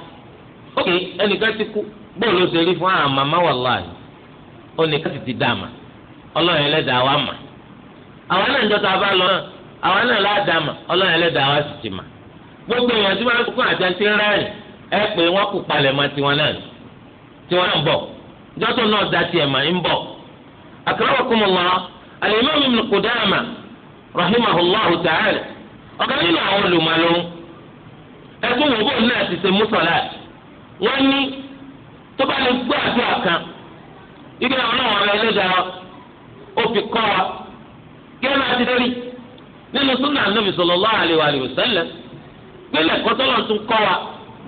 ok ẹnìkan ti kú bóòlù ṣe rí fún àwọn màmá wàláì oníkan sì ti dá àmà ọlọ́run ẹlẹ́dàá wa mà àwọn náà ń dọ́ta bá lọ náà àwọn náà ládàá mà ọlọ́run ẹlẹ́dàá wa sì ti mà gbogbo èèyàn tí wọ́n kún àti ẹni tí ẹ pé wọ́n kú palẹ̀ mọ́ tiwọn náà tiwọn náà ń bọ̀ náà da tiẹ̀ mà ń bọ̀ ta'ala ọ̀gá nínú àwọn wò bóun náà ti ṣe wọ́n ní tó bá lè gbọ́ àdúrà kan ibi àwọn náà wọn ẹlẹ́dàá ó fi kọ́ wa gẹ́gẹ́ bá ti rí nínú súnà anábì sallallahu alaihi wa sallam gbélé kọ́tọ́lọ́ tún kọ́ wa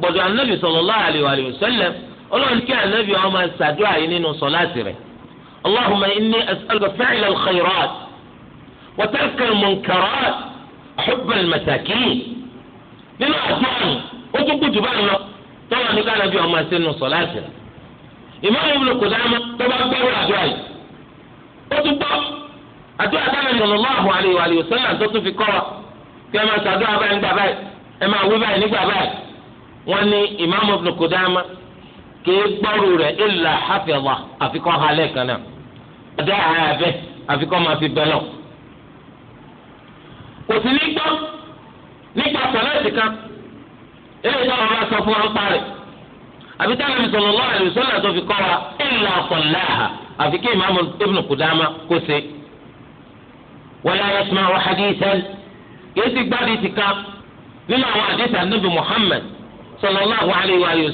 gbọ̀dọ̀ anábì sallallahu alaihi wa sallam ọlọ́run kí anábì wọn máa ṣàdúrà yìí nínú sọ̀láàtì rẹ̀ allahumma inni as'aluka fi'la tọ́lọ̀ ní kánàbí ọmọ sínú sọ̀láàtì ìmọ̀ràn ìbùdó kò dáná tó bá gbẹ́rù àdúrà yìí ó tún gbọ́ àdúrà táwọn ènìyàn lọ́wọ́ àwọn àlè ìwà àlèyò sọ́yà tó tún fi kọ́ wa kí ẹ máa ṣàdúrà báyìí nígbà báyìí ẹ máa wí báyìí nígbà báyìí wọ́n ní ìmọ̀ràn ìbùdó kò dáná kìí gbọ́rù rẹ̀ ìlà hafẹ́wà nípa sọ̀láàtì kan eléyìí tó wọn sọ fún wọn parí àbí táwọn ìsọlọ lọ́wọ́ àlè tó fi kọ́ wa ìlà ọ̀sọ̀láhà àfi kí ìmáàmù Ibn Qudama kó se gbádìí ti nínú alayhi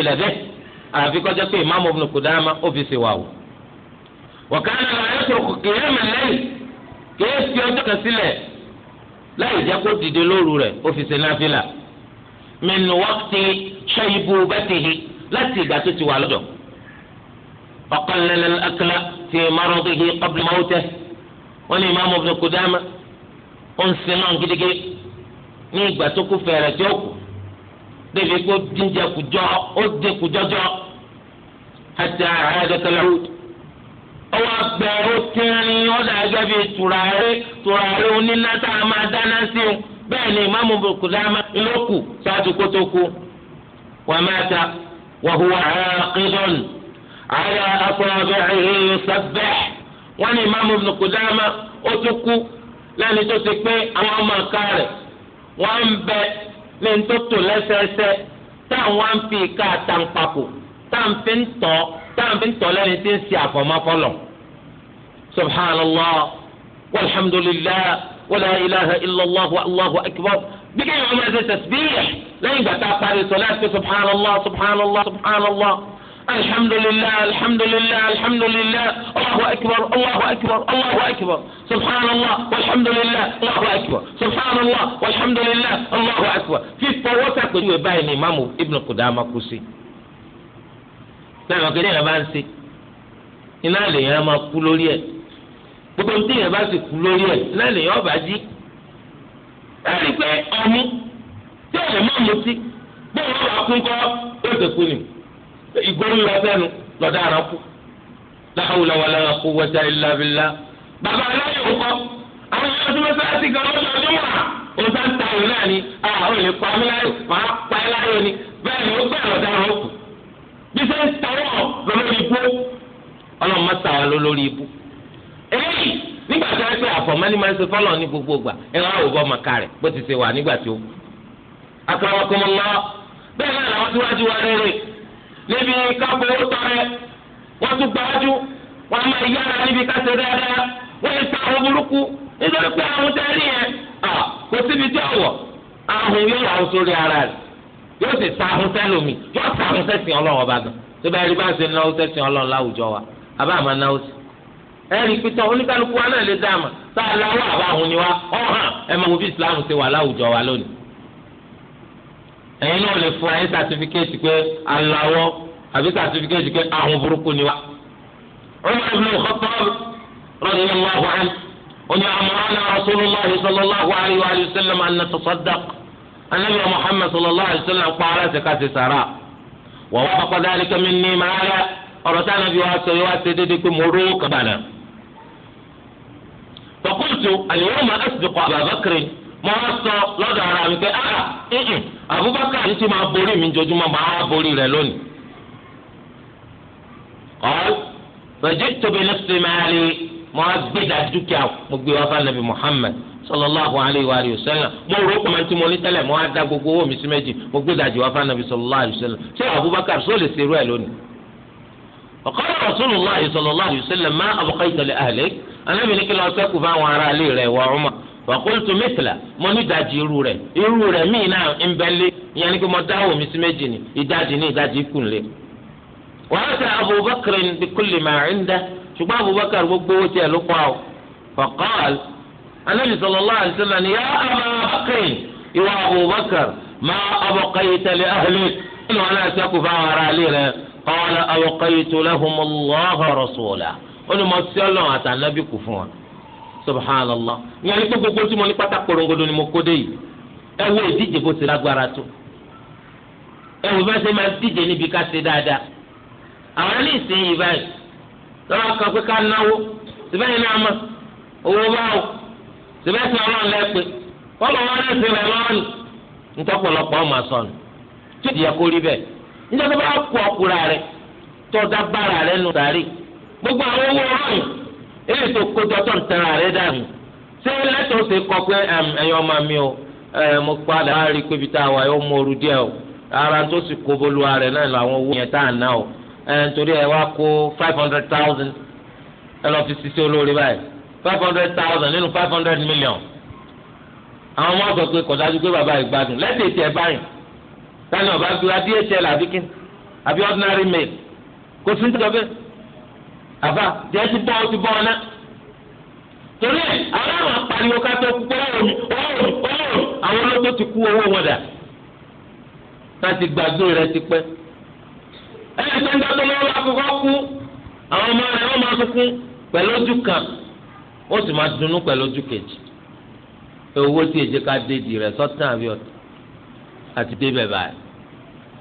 wa àfi kọjá pé ìmáàmù ó fi se o. min waqti shaybubatihi láti ìgbà tó ti wà lọ́dọ̀ ọ̀kànlélẹ́ akla fi maradihi qabla mawtihi wọ́n ní imaamu ibn Qudama ó ń sin náà gidigidi ní ìgbà tó kú fẹ̀rẹ̀ tí ó kù débi kó díjẹ kùjọ ó dín o àti àyàdẹ́kẹ́lẹ́ ọwọ́ agbẹ̀rún tẹ́rin ọ̀dà gẹ́gẹ́ bíi tùràrí tùràrí onínáta máa dáná bẹ́ẹ̀ ni ìmáàmù bùkúdámà ló kù ṣáàtú kó tó kú wa mata wa huwa àákìrọ̀n ala asabihi yusabbih wọ́n ní ìmáàmù bùkúdámà ó tún kú lẹ́ni tó ti pé àwọn ọmọ ọ̀ka rẹ̀ wọ́n ń bẹ ní tó tò lẹ́sẹẹsẹ táwọn ń fi ìka àtàǹpàkò táwọn fi ń tọ́ lẹ́ni tí ń ṣe àfọ̀mọ́fọ́lọ̀ subhanallah walhamdulillah wala ilaha illallah wa allahu akbar bí kéèyàn ọmọ ẹsẹ tasbih lẹ́yìn gbàtà parí sọlá ẹsẹ subhanallah subhanallah subhanallah alhamdulillah alhamdulillah alhamdulillah allahu akbar allahu akbar allahu akbar subhanallah walhamdulillah allahu akbar subhanallah walhamdulillah allahu akbar fífọ wọ́tà pẹ̀lú ẹ̀ báyìí ni imaamu ibn kudama kú sí. lẹ́yìn ọ̀gẹ́dẹ́ yẹn bá ń ṣe iná lè yẹn máa kú lórí ẹ̀ gbogbo ní tíyẹn bá sì kú lórí ẹ̀ náà lèyàn ọba jí ẹni pé ọmú tí ò lè má mu sí bóun ọba kún kọ́ ó ti kú ni ìgbóhùn lọ sẹ́nu lọ́dọ̀ àrà kú láwùlọ wà lọ́wọ́ kó wọ́tá ilá bílá bàbá aláyọ̀ ń kọ́ àwọn yóò tún bá sáà ti gan lọ́dọ̀ ọdún wà ó sá ń ta òun náà ni àwọn ò lè pa mí láyò máa pa ẹ́ láyò ni bẹ́ẹ̀ ni ó bẹ̀rẹ̀ ọ̀dà àrà kù bí sẹ́ ń tọwọ́ lọ́lọ́rí ibú ọlọ́run má sàwọn lọ́lọ́rí ibú. eyi nígbà tí wọ́n pè àfọ̀mọ́ni máa ń ṣe fọ́lọ̀ ní gbogbo gbà ẹ wá wò bọ́ màkà bó ti wà nígbà tí ó lọ náà làwọn wa rere níbi káfọ́ owó tọrẹ wọ́n tún gbáwájú wọ́n máa yára níbi káṣẹ́ dáadáa wọ́n lè ta àwọn burúkú nítorí pé àwọn tẹ́lẹ̀ yẹn kò síbi tí ahùn yóò rà ara yóò sì ta ahùn yóò ọba gan ẹ̀rí pitọ́ oníkálukú wa náà lè dá àmà tá a láwọ́ àbá àwọn ni wa ọ̀hán ẹ̀ máa wo bí Islam ṣe wà láwùjọ wa lónìí. ẹ̀yin náà lè fún ẹ̀yin sàtífíkẹ́tì pé aláwọ̀ àbí sàtífíkẹ́tì pé àwọn burúkú ni wa. Umar ibn al-Khattab radiyallahu anhu oní amọ̀ránà Rasulullahi sallallahu alayhi wa sallam an natasaddaq anabi Muhammad sallallahu alayhi wa sallam kpaara ti ka ti sara wa wafaqa dhalika minni maala ọ̀rọ̀ tí wa sọ yìí wá ṣe déédéé pé mo rú kàbànà kultu àlèyéwòmá asùdùkọ àbàbàkiri mo wá sọ lọ́dọ̀ ara mi pé ah ǹǹ Abubakar yìí ti máa borí mi jojúmọ́ máa borí rẹ̀ lónìí. ọ̀hún bẹ̀jẹ̀ tóbi ní sèmáàlì mo wá gbéjà dúkìá mo gbé wá fún anabi Muhammad sallallahu alayhi wa alihi wa sallam mo rò ó pàmò tí mo ní tẹ́lẹ̀ mo wá dá gbogbo owó mi sí méjì mo gbéjà jù wá fún anabi sallallahu alayhi wa sallam ṣé Abubakar sọ lè ṣerú ẹ̀ lónìí ọ̀kọ́lá rasulillah sallallahu alayhi wa sallam má abọ́kọ́ ìtọ́lẹ̀ àlẹ́ anábìrin kí lọ sẹ́kù bá àwọn ará ilé rẹ̀ wà ọmọ wàkúntù mẹ́tìlá mo ní ìdajì irú rẹ̀ irú rẹ̀ míì náà ń bẹ́ lé ìyẹn ni pé mo dáwọ́ mi sí méjì ni ìdajì ní ìdajì kù lé. wàá sẹ abubakar bí kúlì máa ń dá ṣùgbọ́n abubakar gbogbo owó tiẹ̀ ló pa ọ́ fọ̀kọ́l anábì sallallahu alayhi wa ni yá abubakar ìwà abubakar má abọ́kọ́ kí n'a wọn náà sẹ́kù fáwọn ará ilé na qala awqaytu lahumullaha rasulahu ó ní mo sí ọlọ́run àtànábì kù fún wa subhanallah ìyẹn ní gbogbo tí mo ní pátá korongodo ni mo kó dé yìí ẹ wo ìdíje bó ti lágbára tó ẹ wò bá ṣe máa díje níbi ká ṣe dáadáa àwọn báyìí lọ́wọ́ kan pé ká náwó síbẹ̀ yìí náà mọ̀ owó síbẹ̀ ọlọ́run lẹ́pẹ́ kọ́ lọ́wọ́ tó ti yẹ kó rí bẹ́ẹ̀ nígbà tó bá kú ọkùnrin rẹ tó dábàrà rẹ nù sàárì gbogbo àwọn owó ọrùn èyí tó kójọ tó ń tẹ̀ra rẹ dànù ṣé lẹ́tọ̀ọ́ ṣe kọ pé ẹ̀yin ọmọ mi o mo padà wá rí i pé ibi tá a wà yóò mú ooru díẹ̀ o ara tó sì kó bolúwa rẹ̀ náà làwọn owó yẹn tá à ná o nítorí ẹ wá kó five hundred thousand ẹ lọ fi ṣiṣẹ́ olóore báyìí five hundred thousand nínú five hundred million àwọn ọmọ ọgbà pé kọ̀dájú pé bàbá yìí gbádùn lẹ́tẹ̀ẹ̀tẹ̀ báyìí tani ọba gba DHL àbí abi ordinary mail kò sí nítorí àbá jẹ́ ti bọ́ ti bọ́ ọ̀nà torí ẹ̀ àwọn àwọn apariwo kátó púpọ̀ ọ̀hún ọ̀hún ọ̀hún àwọn olóko ti kú owó wọn dà láti rẹ ti pẹ́ ẹ̀yẹ tó ń dájọ́ lọ́wọ́ akọ́kọ́ kú àwọn ọmọ rẹ̀ wọ́n máa sunkún pẹ̀lú ojú kan ó sì máa pẹ̀lú ojú di rẹ̀ sọ́tàn àbí ọ̀tún àti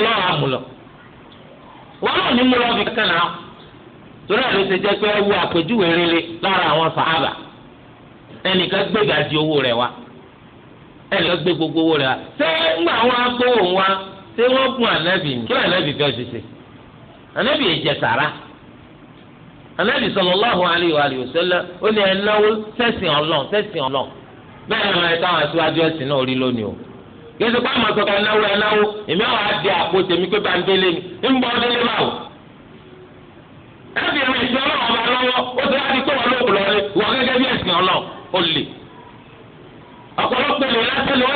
ọlọ́run àmúlọ wọn náà ní múlọ fi kankan náà torí àlọ́ ṣe jẹ́ pé ẹ wo àpèjúwe rere lára àwọn sàhábà ẹnìkan gbé gàdí owó rẹ̀ wá ẹnìkan gbé gbogbo owó rẹ̀ wá ṣé ńgbà wọn á òun wá ṣé wọ́n gun ànábì ní kí ànábì fẹ́ ṣiṣẹ́ ànábì èjẹ sàrà ànábì sallallahu alaihi wa ó ní ẹ náwó sẹ́sìn ọlọ́ọ̀ sẹ́sìn ọlọ́ọ̀ bẹ́ẹ̀ ni wọn yéésù kó àmọ̀ sọ̀kà náwó ẹ̀ náwó èmi àwọn àdì àpò tèmi pé bá ń délé mi ń bọ́ délé máa wò. ẹ̀fìrì ìṣẹ́ ọlọ́wọ́ ọba lọ́wọ́ ó ti láti kó wọn bí lásán ni lóko yà kú òun yọ ọba rí i pé àwọn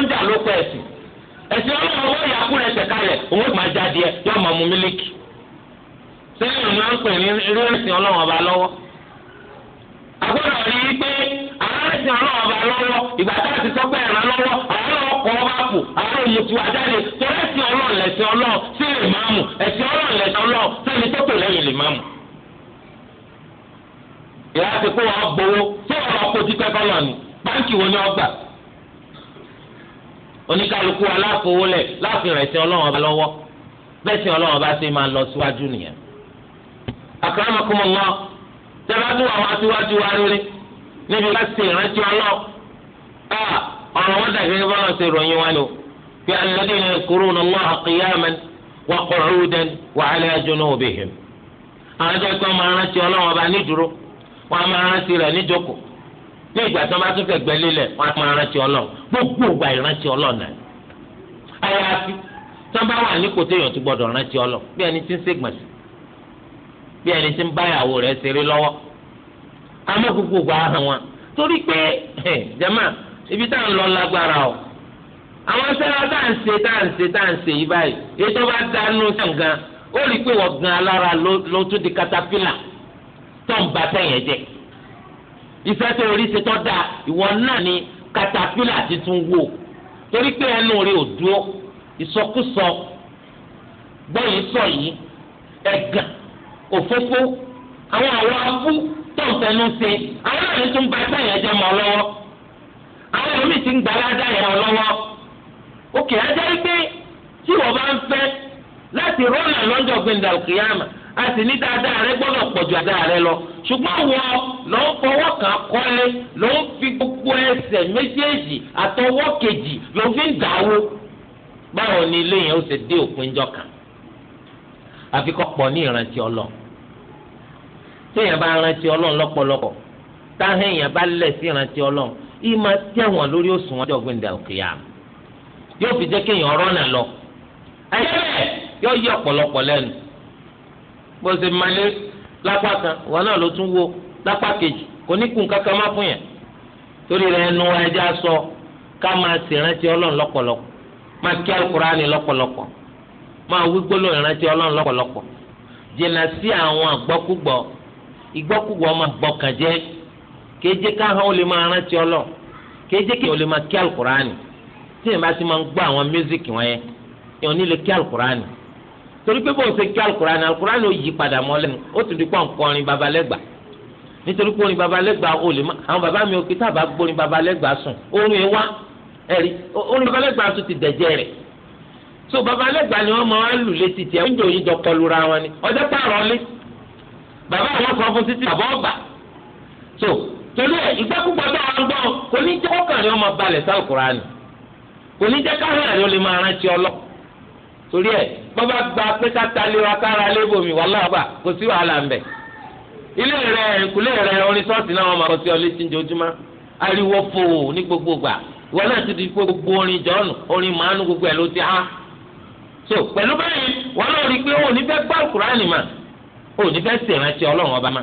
ọba lọ́wọ́ ìgbà a ti sọ pé ìmáàmù àwọn olùtú ajáde torí ẹ̀sìn ọlọ́run lẹ̀sìn ọlọ́run sí ìmáàmù ẹ̀sìn ọlọ́run lẹ̀sìn ọlọ́run sẹ́ni tó kò lẹ́yìn ìmáàmù. ìyá ti kó wọn gbowó tí wọn lọ kó dípẹ́ bọ́lọ̀ ni báńkì wo ni wọ́n gbà. oníkálukú aláfowólẹ̀ láàfin ẹ̀sìn ọlọ́run ọba lọ́wọ́ bẹ́sìn ọlọ́run ọba ṣe máa lọ síwájú nìyẹn. àkàràmọ́kùnmọ́ tẹ́lá tún àwọn aṣíwájú wa rere níbi láti ìrántí ọlọ́run ah, ọ̀rọ̀ wọn dàgbé bọ́lá ṣe ròyìn wọn lò bí alẹ́dẹ́ ní kúrò ní Allah qiyaman wa wa ala junubihim. àwọn ẹjọ́ pé máa rántí ọlọ́run ọba nídúró wọ́n máa rántí rẹ̀ níjókòó ní ìgbà tí bá tún fẹ̀gbẹ́ lélẹ̀ máa rántí gbogbo ìgbà ìrántí ọlọ́run náà. bá wà ní gbọ́dọ̀ rántí ibi tá à ń lọ lágbára o àwọn sẹ́wọ́n tá à ń ṣe tá à ń ṣe tá à ń ṣe yìí báyìí ètò bá dánú sàǹgàn ó rí i pé wọ́n gan alára ló tún di katapila tó ń ba sẹ́yìn jẹ ìfẹ́ tó rí ṣe tó dáa ìwọ náà ni katapila ti tún wò torí pé ẹnu rí ò dúró ìsọkúsọ gbọ́yìn sọ yìí ẹ̀gàn òfófó àwọn àwọn abú tó ń fẹnu ṣe àwọn náà ni tún ba sẹ́yìn jẹ mọ́ lọ́wọ́. àwọn ẹlòmíì ti ń gbà ládàá yẹn lọ́wọ́ òkè ajá pé tí wọ́n bá ń fẹ́ láti rọ́ọ̀nà lọ́jọ́ gbẹ̀ndà òkèèyàmà a sì ní dáadáa rẹ gbọ́dọ̀ pọ̀jù dáadáa rẹ lọ ṣùgbọ́n wọ́n lọ ń fọwọ́ kọ́lé ló ń fi gbogbo ẹsẹ̀ méjèèjì àtọwọ́ kejì ló fi ń dàwó yẹn ó ṣe dé òpin jọ pọ̀ ní ìrántí ima máa tẹ̀wọ̀n lórí òsùn wọn jọ̀gbìn dàlùkìyàm yóò fi jẹ́ kéèyàn ọ̀rọ̀ náà lọ ẹ̀yẹ́ yóò yí ọ̀pọ̀lọpọ̀ lẹ́nu bó ṣe malé lápá kan wọn náà ló tún wo lápá kejì kò ní kankan má fún yẹn torí rẹ ẹnu ẹjẹ aṣọ ká máa ṣèrántí ọlọ́run lọ́pọ̀lọpọ̀ máa kí alukurani lọ́pọ̀lọpọ̀ máa wí gbólóhùn ìrántí ọlọ́run lọ́pọ̀lọpọ̀ jìnnà sí àwọn àgbọ́kúgbọ̀ kéje káhán ó lè máa rántí ọlọ kéje kéhán ó lè máa kí alukurani tí èèyàn bá ti máa ń gbọ́ àwọn mísíkì wọn yẹn èèyàn ní lè kí alukurani torí pé bó o ṣe kí alukurani alukurani ó yí padà mọ́ lẹ́nu ó tún di pọ́n kọrin babalẹ́gbà nítorí pé orin babalẹ́gbà ó lè má àwọn bàbá mi ò pé tá a bá gbórin babalẹ́gbà sùn orin ẹ̀ wá ẹ̀rí orin babalẹ́gbà sùn ti dẹ̀jẹ̀ rẹ̀ so babalẹ́gbà ni wọ́n máa ń lù létí tiẹ̀ oúnjẹ òyìn jọ kọlura wọn ni ọjọ́ pààrọ̀ lé bàbá àwọn kan fún títí bàbá ọ̀bà so torí e, ìgbẹ́kúgbọ́ tó wọn gbọ́ kò ní jẹ́ ọkàn rẹ ọmọ balẹ̀ sí alukurani kò ní jẹ́ káwọn rẹ ó lè máa rántí ọlọ́ torí ẹ bàbá gba pé káta lé wa kára lé bomi wà láàbà kò sí wàhálà ń bẹ̀ ilé rẹ ìkúlé rẹ orin náà wọn máa kọ́ sí ọ létí ojoojúmọ́ ariwo fò ní gbogbo gbà náà gbogbo orin so pẹ̀lú báyìí wọn náà rí i pé òun ò ní fẹ́ gbọ́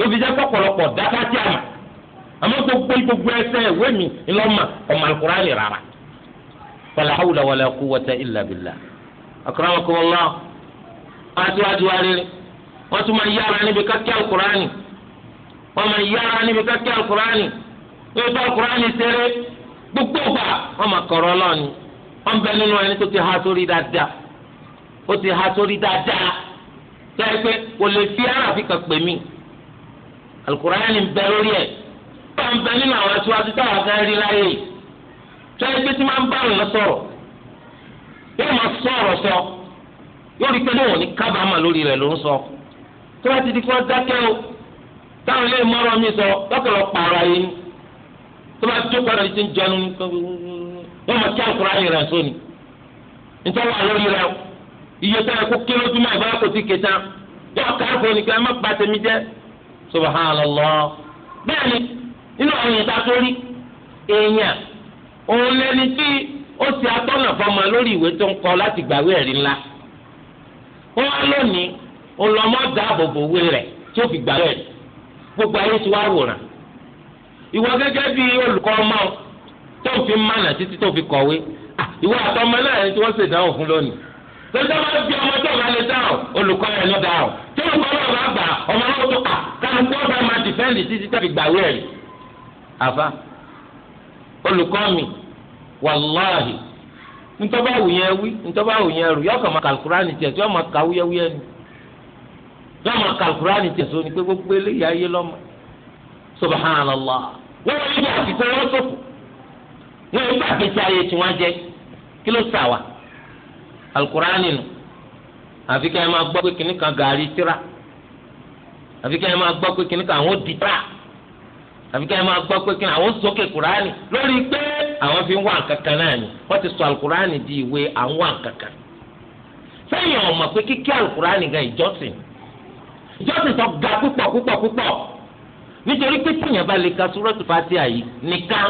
lóbi jẹ́ pọ̀pọ̀lọpọ̀ dáká tí a mà àmọ́ gbogbo gbogbo ẹsẹ̀ ìwé mi ńlọ́mà ọmọ alukurani rárá. wala hawla wala quwwata illa billah akramakumullah wọn aṣíwájú wa rere wọn tún máa yára níbi kákẹ́ alukurani wọn máa yára níbi kákẹ́ alukurani wọn bá alukurani ṣeré gbogbo ọba wọn máa kọ̀rọ̀ lọ́ọ̀ni wọn bẹ nínú ẹni tó ti há sórí dáadáa ó ti há sórí dáadáa tẹ́ pé kò lè fi aráàfin kan pè mí alukur'an ń bẹ lórí ẹ̀ ó ń bẹ nínú àwọn aṣáájú táwọn akẹ́rẹ́ rí láyé yìí tó ẹ gbé tí máa ń bá òun lọ sọ̀rọ̀ yóò máa sọ ọ̀rọ̀ sọ yóò rí pé lóun ò ní kábàámà lórí rẹ̀ ló ń sọ tó bá ti di kí wọ́n dákẹ́ o táwọn ilé mọ́rọ̀ mi sọ lọ́kọ̀lọ́ pààrọ̀ ayé ni tó bá tó padà ti ń jẹun yóò máa kí alukur'an rẹ̀ sóni nítorí wà lórí rẹ̀ iye tó yẹ kó kí lójúmọ́ ìbára kò ti kéta yóò ká subhanallah bẹ́ẹ̀ ni nínú àwọn èèyàn tá a tó rí èèyàn òun lẹni tí ó ti atọ́nà fọmọ lórí ìwé tó ń kọ láti gbàwé ẹ̀rí ńlá ó wá lónìí olọmọ dáàbò bò wé rẹ̀ tí ó fi gbàwé ẹ̀rí gbogbo ayé ti wá wòrán ìwọ gẹ́gẹ́ bí olùkọ́ ọmọ tó fi mánà títí tó fi kọ̀wé ìwọ àtọmọ náà ni tí wọ́n ṣèdánwò fún lónìí lọ́jọ́ bá fi ọmọ tó bá lè dáhùn olùkọ́ rẹ̀ ló ọmọ náà tó kà káàmù kó ọba máa dìfẹ́ǹdì títí tàbí gbàwé ẹ̀rí. àfa olùkọ́ mi wàláhì ntọ́ba wù yẹn wí ntọ́ba wù yẹn rù yọkàn máa kàlùkùránì tiẹ̀ tí wọ́n máa kà wúyẹ́wúyẹ́ ni yọ máa kàlùkùránì tiẹ̀ sọ ni pé gbogbo eléyìí ayé lọ́mọ subhanallah wọ́n wọ́n yíyá àfikún wọn sọ̀kù wọ́n yíyá àfikún ayé tí wọ́n jẹ kí ló sà wá alukurani nù àfi ká ẹ máa gbọ́ pé kìnnìkan gàrí tíra àfi kí ẹ máa gbọ́ pé kíní kan àwọn dìbà àfi kí ẹ máa gbọ́ pé kíní àwọn sókè kúránì lórí pé àwọn fi ń wá nǹkankan náà ni wọ́n ti sọ alukurani di ìwé àwọn wá nǹkankan sẹ́yìn ọ̀mọ̀ pé kíkí alukurani gan ìjọsìn ìjọsìn tó ga púpọ̀ púpọ̀ púpọ̀ nítorí pé tíyàn bá lè ka súrọ́tù Fatiha yìí nìkan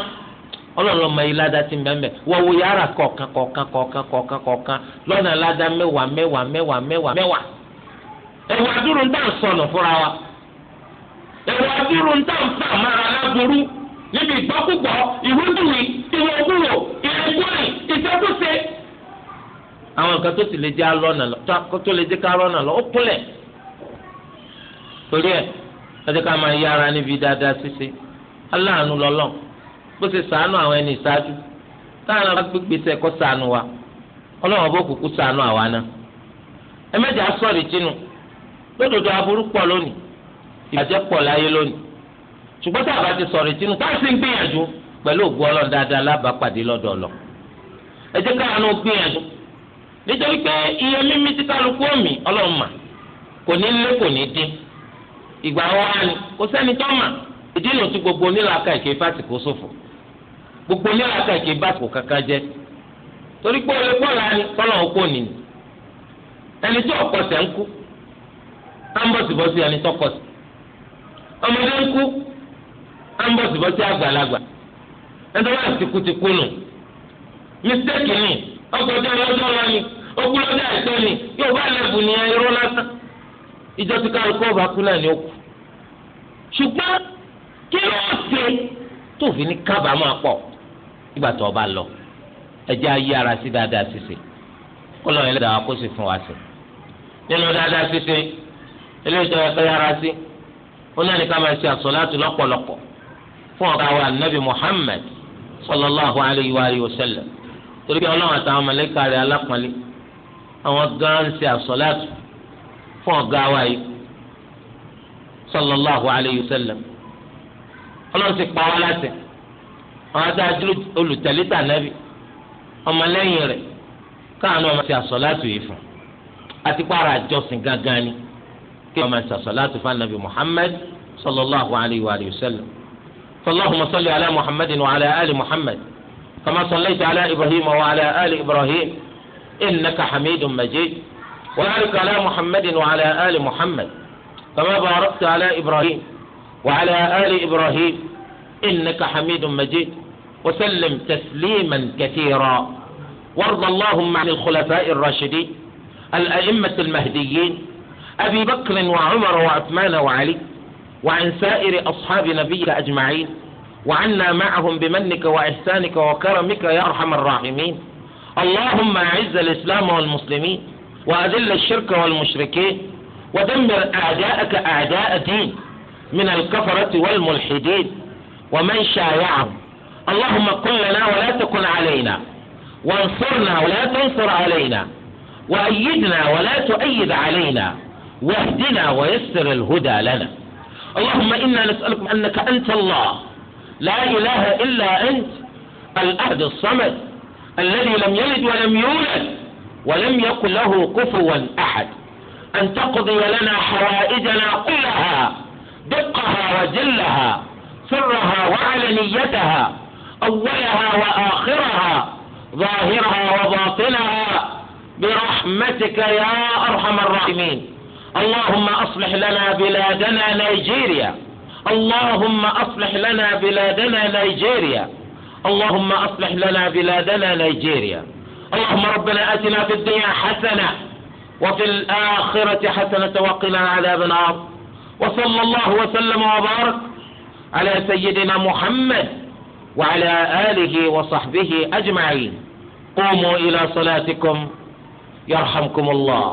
ọlọ́run ọmọ yìí ládàá ti mẹ́mẹ́ wọ́n wo yàrá kọ̀ọ̀kan kọ̀ọ̀kan kọ̀ọ̀kan kọ̀ọ̀kan lọ́nà ládàá mẹ́wàá mẹ́wàá mẹ́wàá mẹ́wàá mẹ́wàá. ẹ̀wọ̀ adúrú ń tà sọnù fúnra wa ẹ̀wọ̀ adúrú ń tà ń fà mára láburú níbi ìgbọ́kúgbọ́ ìrúdùnì ìwọ̀kúwò ìrẹ́gbọ́nì ìṣẹ́kúṣe. àwọn nǹkan tó sì lè jẹ́ alọ́nà lọ tó lè jẹ́ ká rọ́nà lọ ó kúnlẹ̀ torí ẹ̀ lọ́jọ́ ká máa yára níbi dáadáa ṣíṣe aláàánú lọ́lọ́ bó ṣe sàánú àwọn ẹni ìṣáájú táwọn ará sàánú wa ọlọ́run ọbọ̀ kúkú sàánú àwa náà ẹ mẹ́jọ lódodo aburú pọ̀ lónìí ìbàjẹ́ pọ̀ láyé lónìí ṣùgbọ́n tá a bá ti sọ̀rọ̀ ìtinú tá a sì ń gbìyànjú pẹ̀lú ògùn ọlọ́run dáadáa lábàápàdé lọ́dọ̀ lọ. ẹ jẹ́ ká àánú gbìyànjú nítorí pé iye mímí tí kálukú òmì ọlọ́run mà kò ní lé kò ní dín ìgbà wa ni kò sẹ́ni tó mà ìdí tí gbogbo onílàákà ìké fásitì gbogbo onílàákà ìké bàtò kankan jẹ torí pé olè pọ̀ láàrin ambọ̀sibọ́sí ani tọkọ sí ọmọdé ń kú ambọ̀sibọ́sí àgbàlagbà ẹ̀dọ́ nù mistake ni ọgbọ̀dọ̀ ọlọ́dọ̀ wọn ni ogbúlọ́dọ̀ àìsàn ni yóò bá lẹ́bù ní ẹ̀rọ lásán ìjọ tí kálukọ́ ọba kú náà ni ó kú ṣùgbọ́n kí ló ń ṣe tó fi ní kábàámọ̀ pọ̀ nígbà tó ọba lọ ẹjẹ́ ayé ara sí dáadáa ṣiṣẹ́ kọ́lọ́ yẹn lọ́dọ̀ àwọn akóso fún wa sí nínú dáadáa ṣiṣẹ́ eléyìí tó yẹ kó yára sí ó náà ní ká máa ṣe àsọláàtù lọ́pọ̀lọpọ̀ fún ọ̀gá wa nabi muhammed sallallahu alayhi wa alihi wa sallam torí pé ọlọ́run àtàwọn mọ̀lẹ́kà rẹ̀ alápọ̀nlé àwọn gan ṣe àsọláàtù fún ọ̀gá wa yìí sallallahu alayhi wa sallam ọlọ́run ti pa wá láti àwọn adájú olùtẹ̀lítà nabi ọmọlẹ́yìn rẹ̀ káàánú ọmọ ṣe àsọláàtù yìí fún àti pààrọ̀ àjọsìn gangan ni. كما ما صلاة النبي محمد صلى الله عليه وآله وسلم فاللهم صل على محمد وعلى آل محمد كما صليت على إبراهيم وعلى آل إبراهيم إنك حميد مجيد وبارك على محمد وعلى آل محمد كما باركت على إبراهيم وعلى آل إبراهيم إنك حميد مجيد وسلم تسليما كثيرا وارض اللهم عن الخلفاء الراشدين الأئمة المهديين أبي بكر وعمر وعثمان وعلي وعن سائر أصحاب نبيك أجمعين وعنا معهم بمنك وإحسانك وكرمك يا أرحم الراحمين اللهم أعز الإسلام والمسلمين وأذل الشرك والمشركين ودمر أعداءك أعداء دين من الكفرة والملحدين ومن شايعهم اللهم كن لنا ولا تكن علينا وانصرنا ولا تنصر علينا وأيدنا ولا تؤيد علينا واهدنا ويسر الهدى لنا اللهم إنا نسألك أنك أنت الله لا إله إلا أنت الأحد الصمد الذي لم يلد ولم يولد ولم يكن له كفوا أحد أن تقضي لنا حوائجنا كلها دقها وجلها سرها وعلنيتها أولها وآخرها ظاهرها وباطنها برحمتك يا أرحم الراحمين اللهم أصلح لنا بلادنا نيجيريا اللهم أصلح لنا بلادنا نيجيريا اللهم أصلح لنا بلادنا نيجيريا اللهم ربنا آتنا في الدنيا حسنة وفي الآخرة حسنة وقنا عذاب النار وصلى الله وسلم وبارك على سيدنا محمد وعلى آله وصحبه أجمعين قوموا إلى صلاتكم يرحمكم الله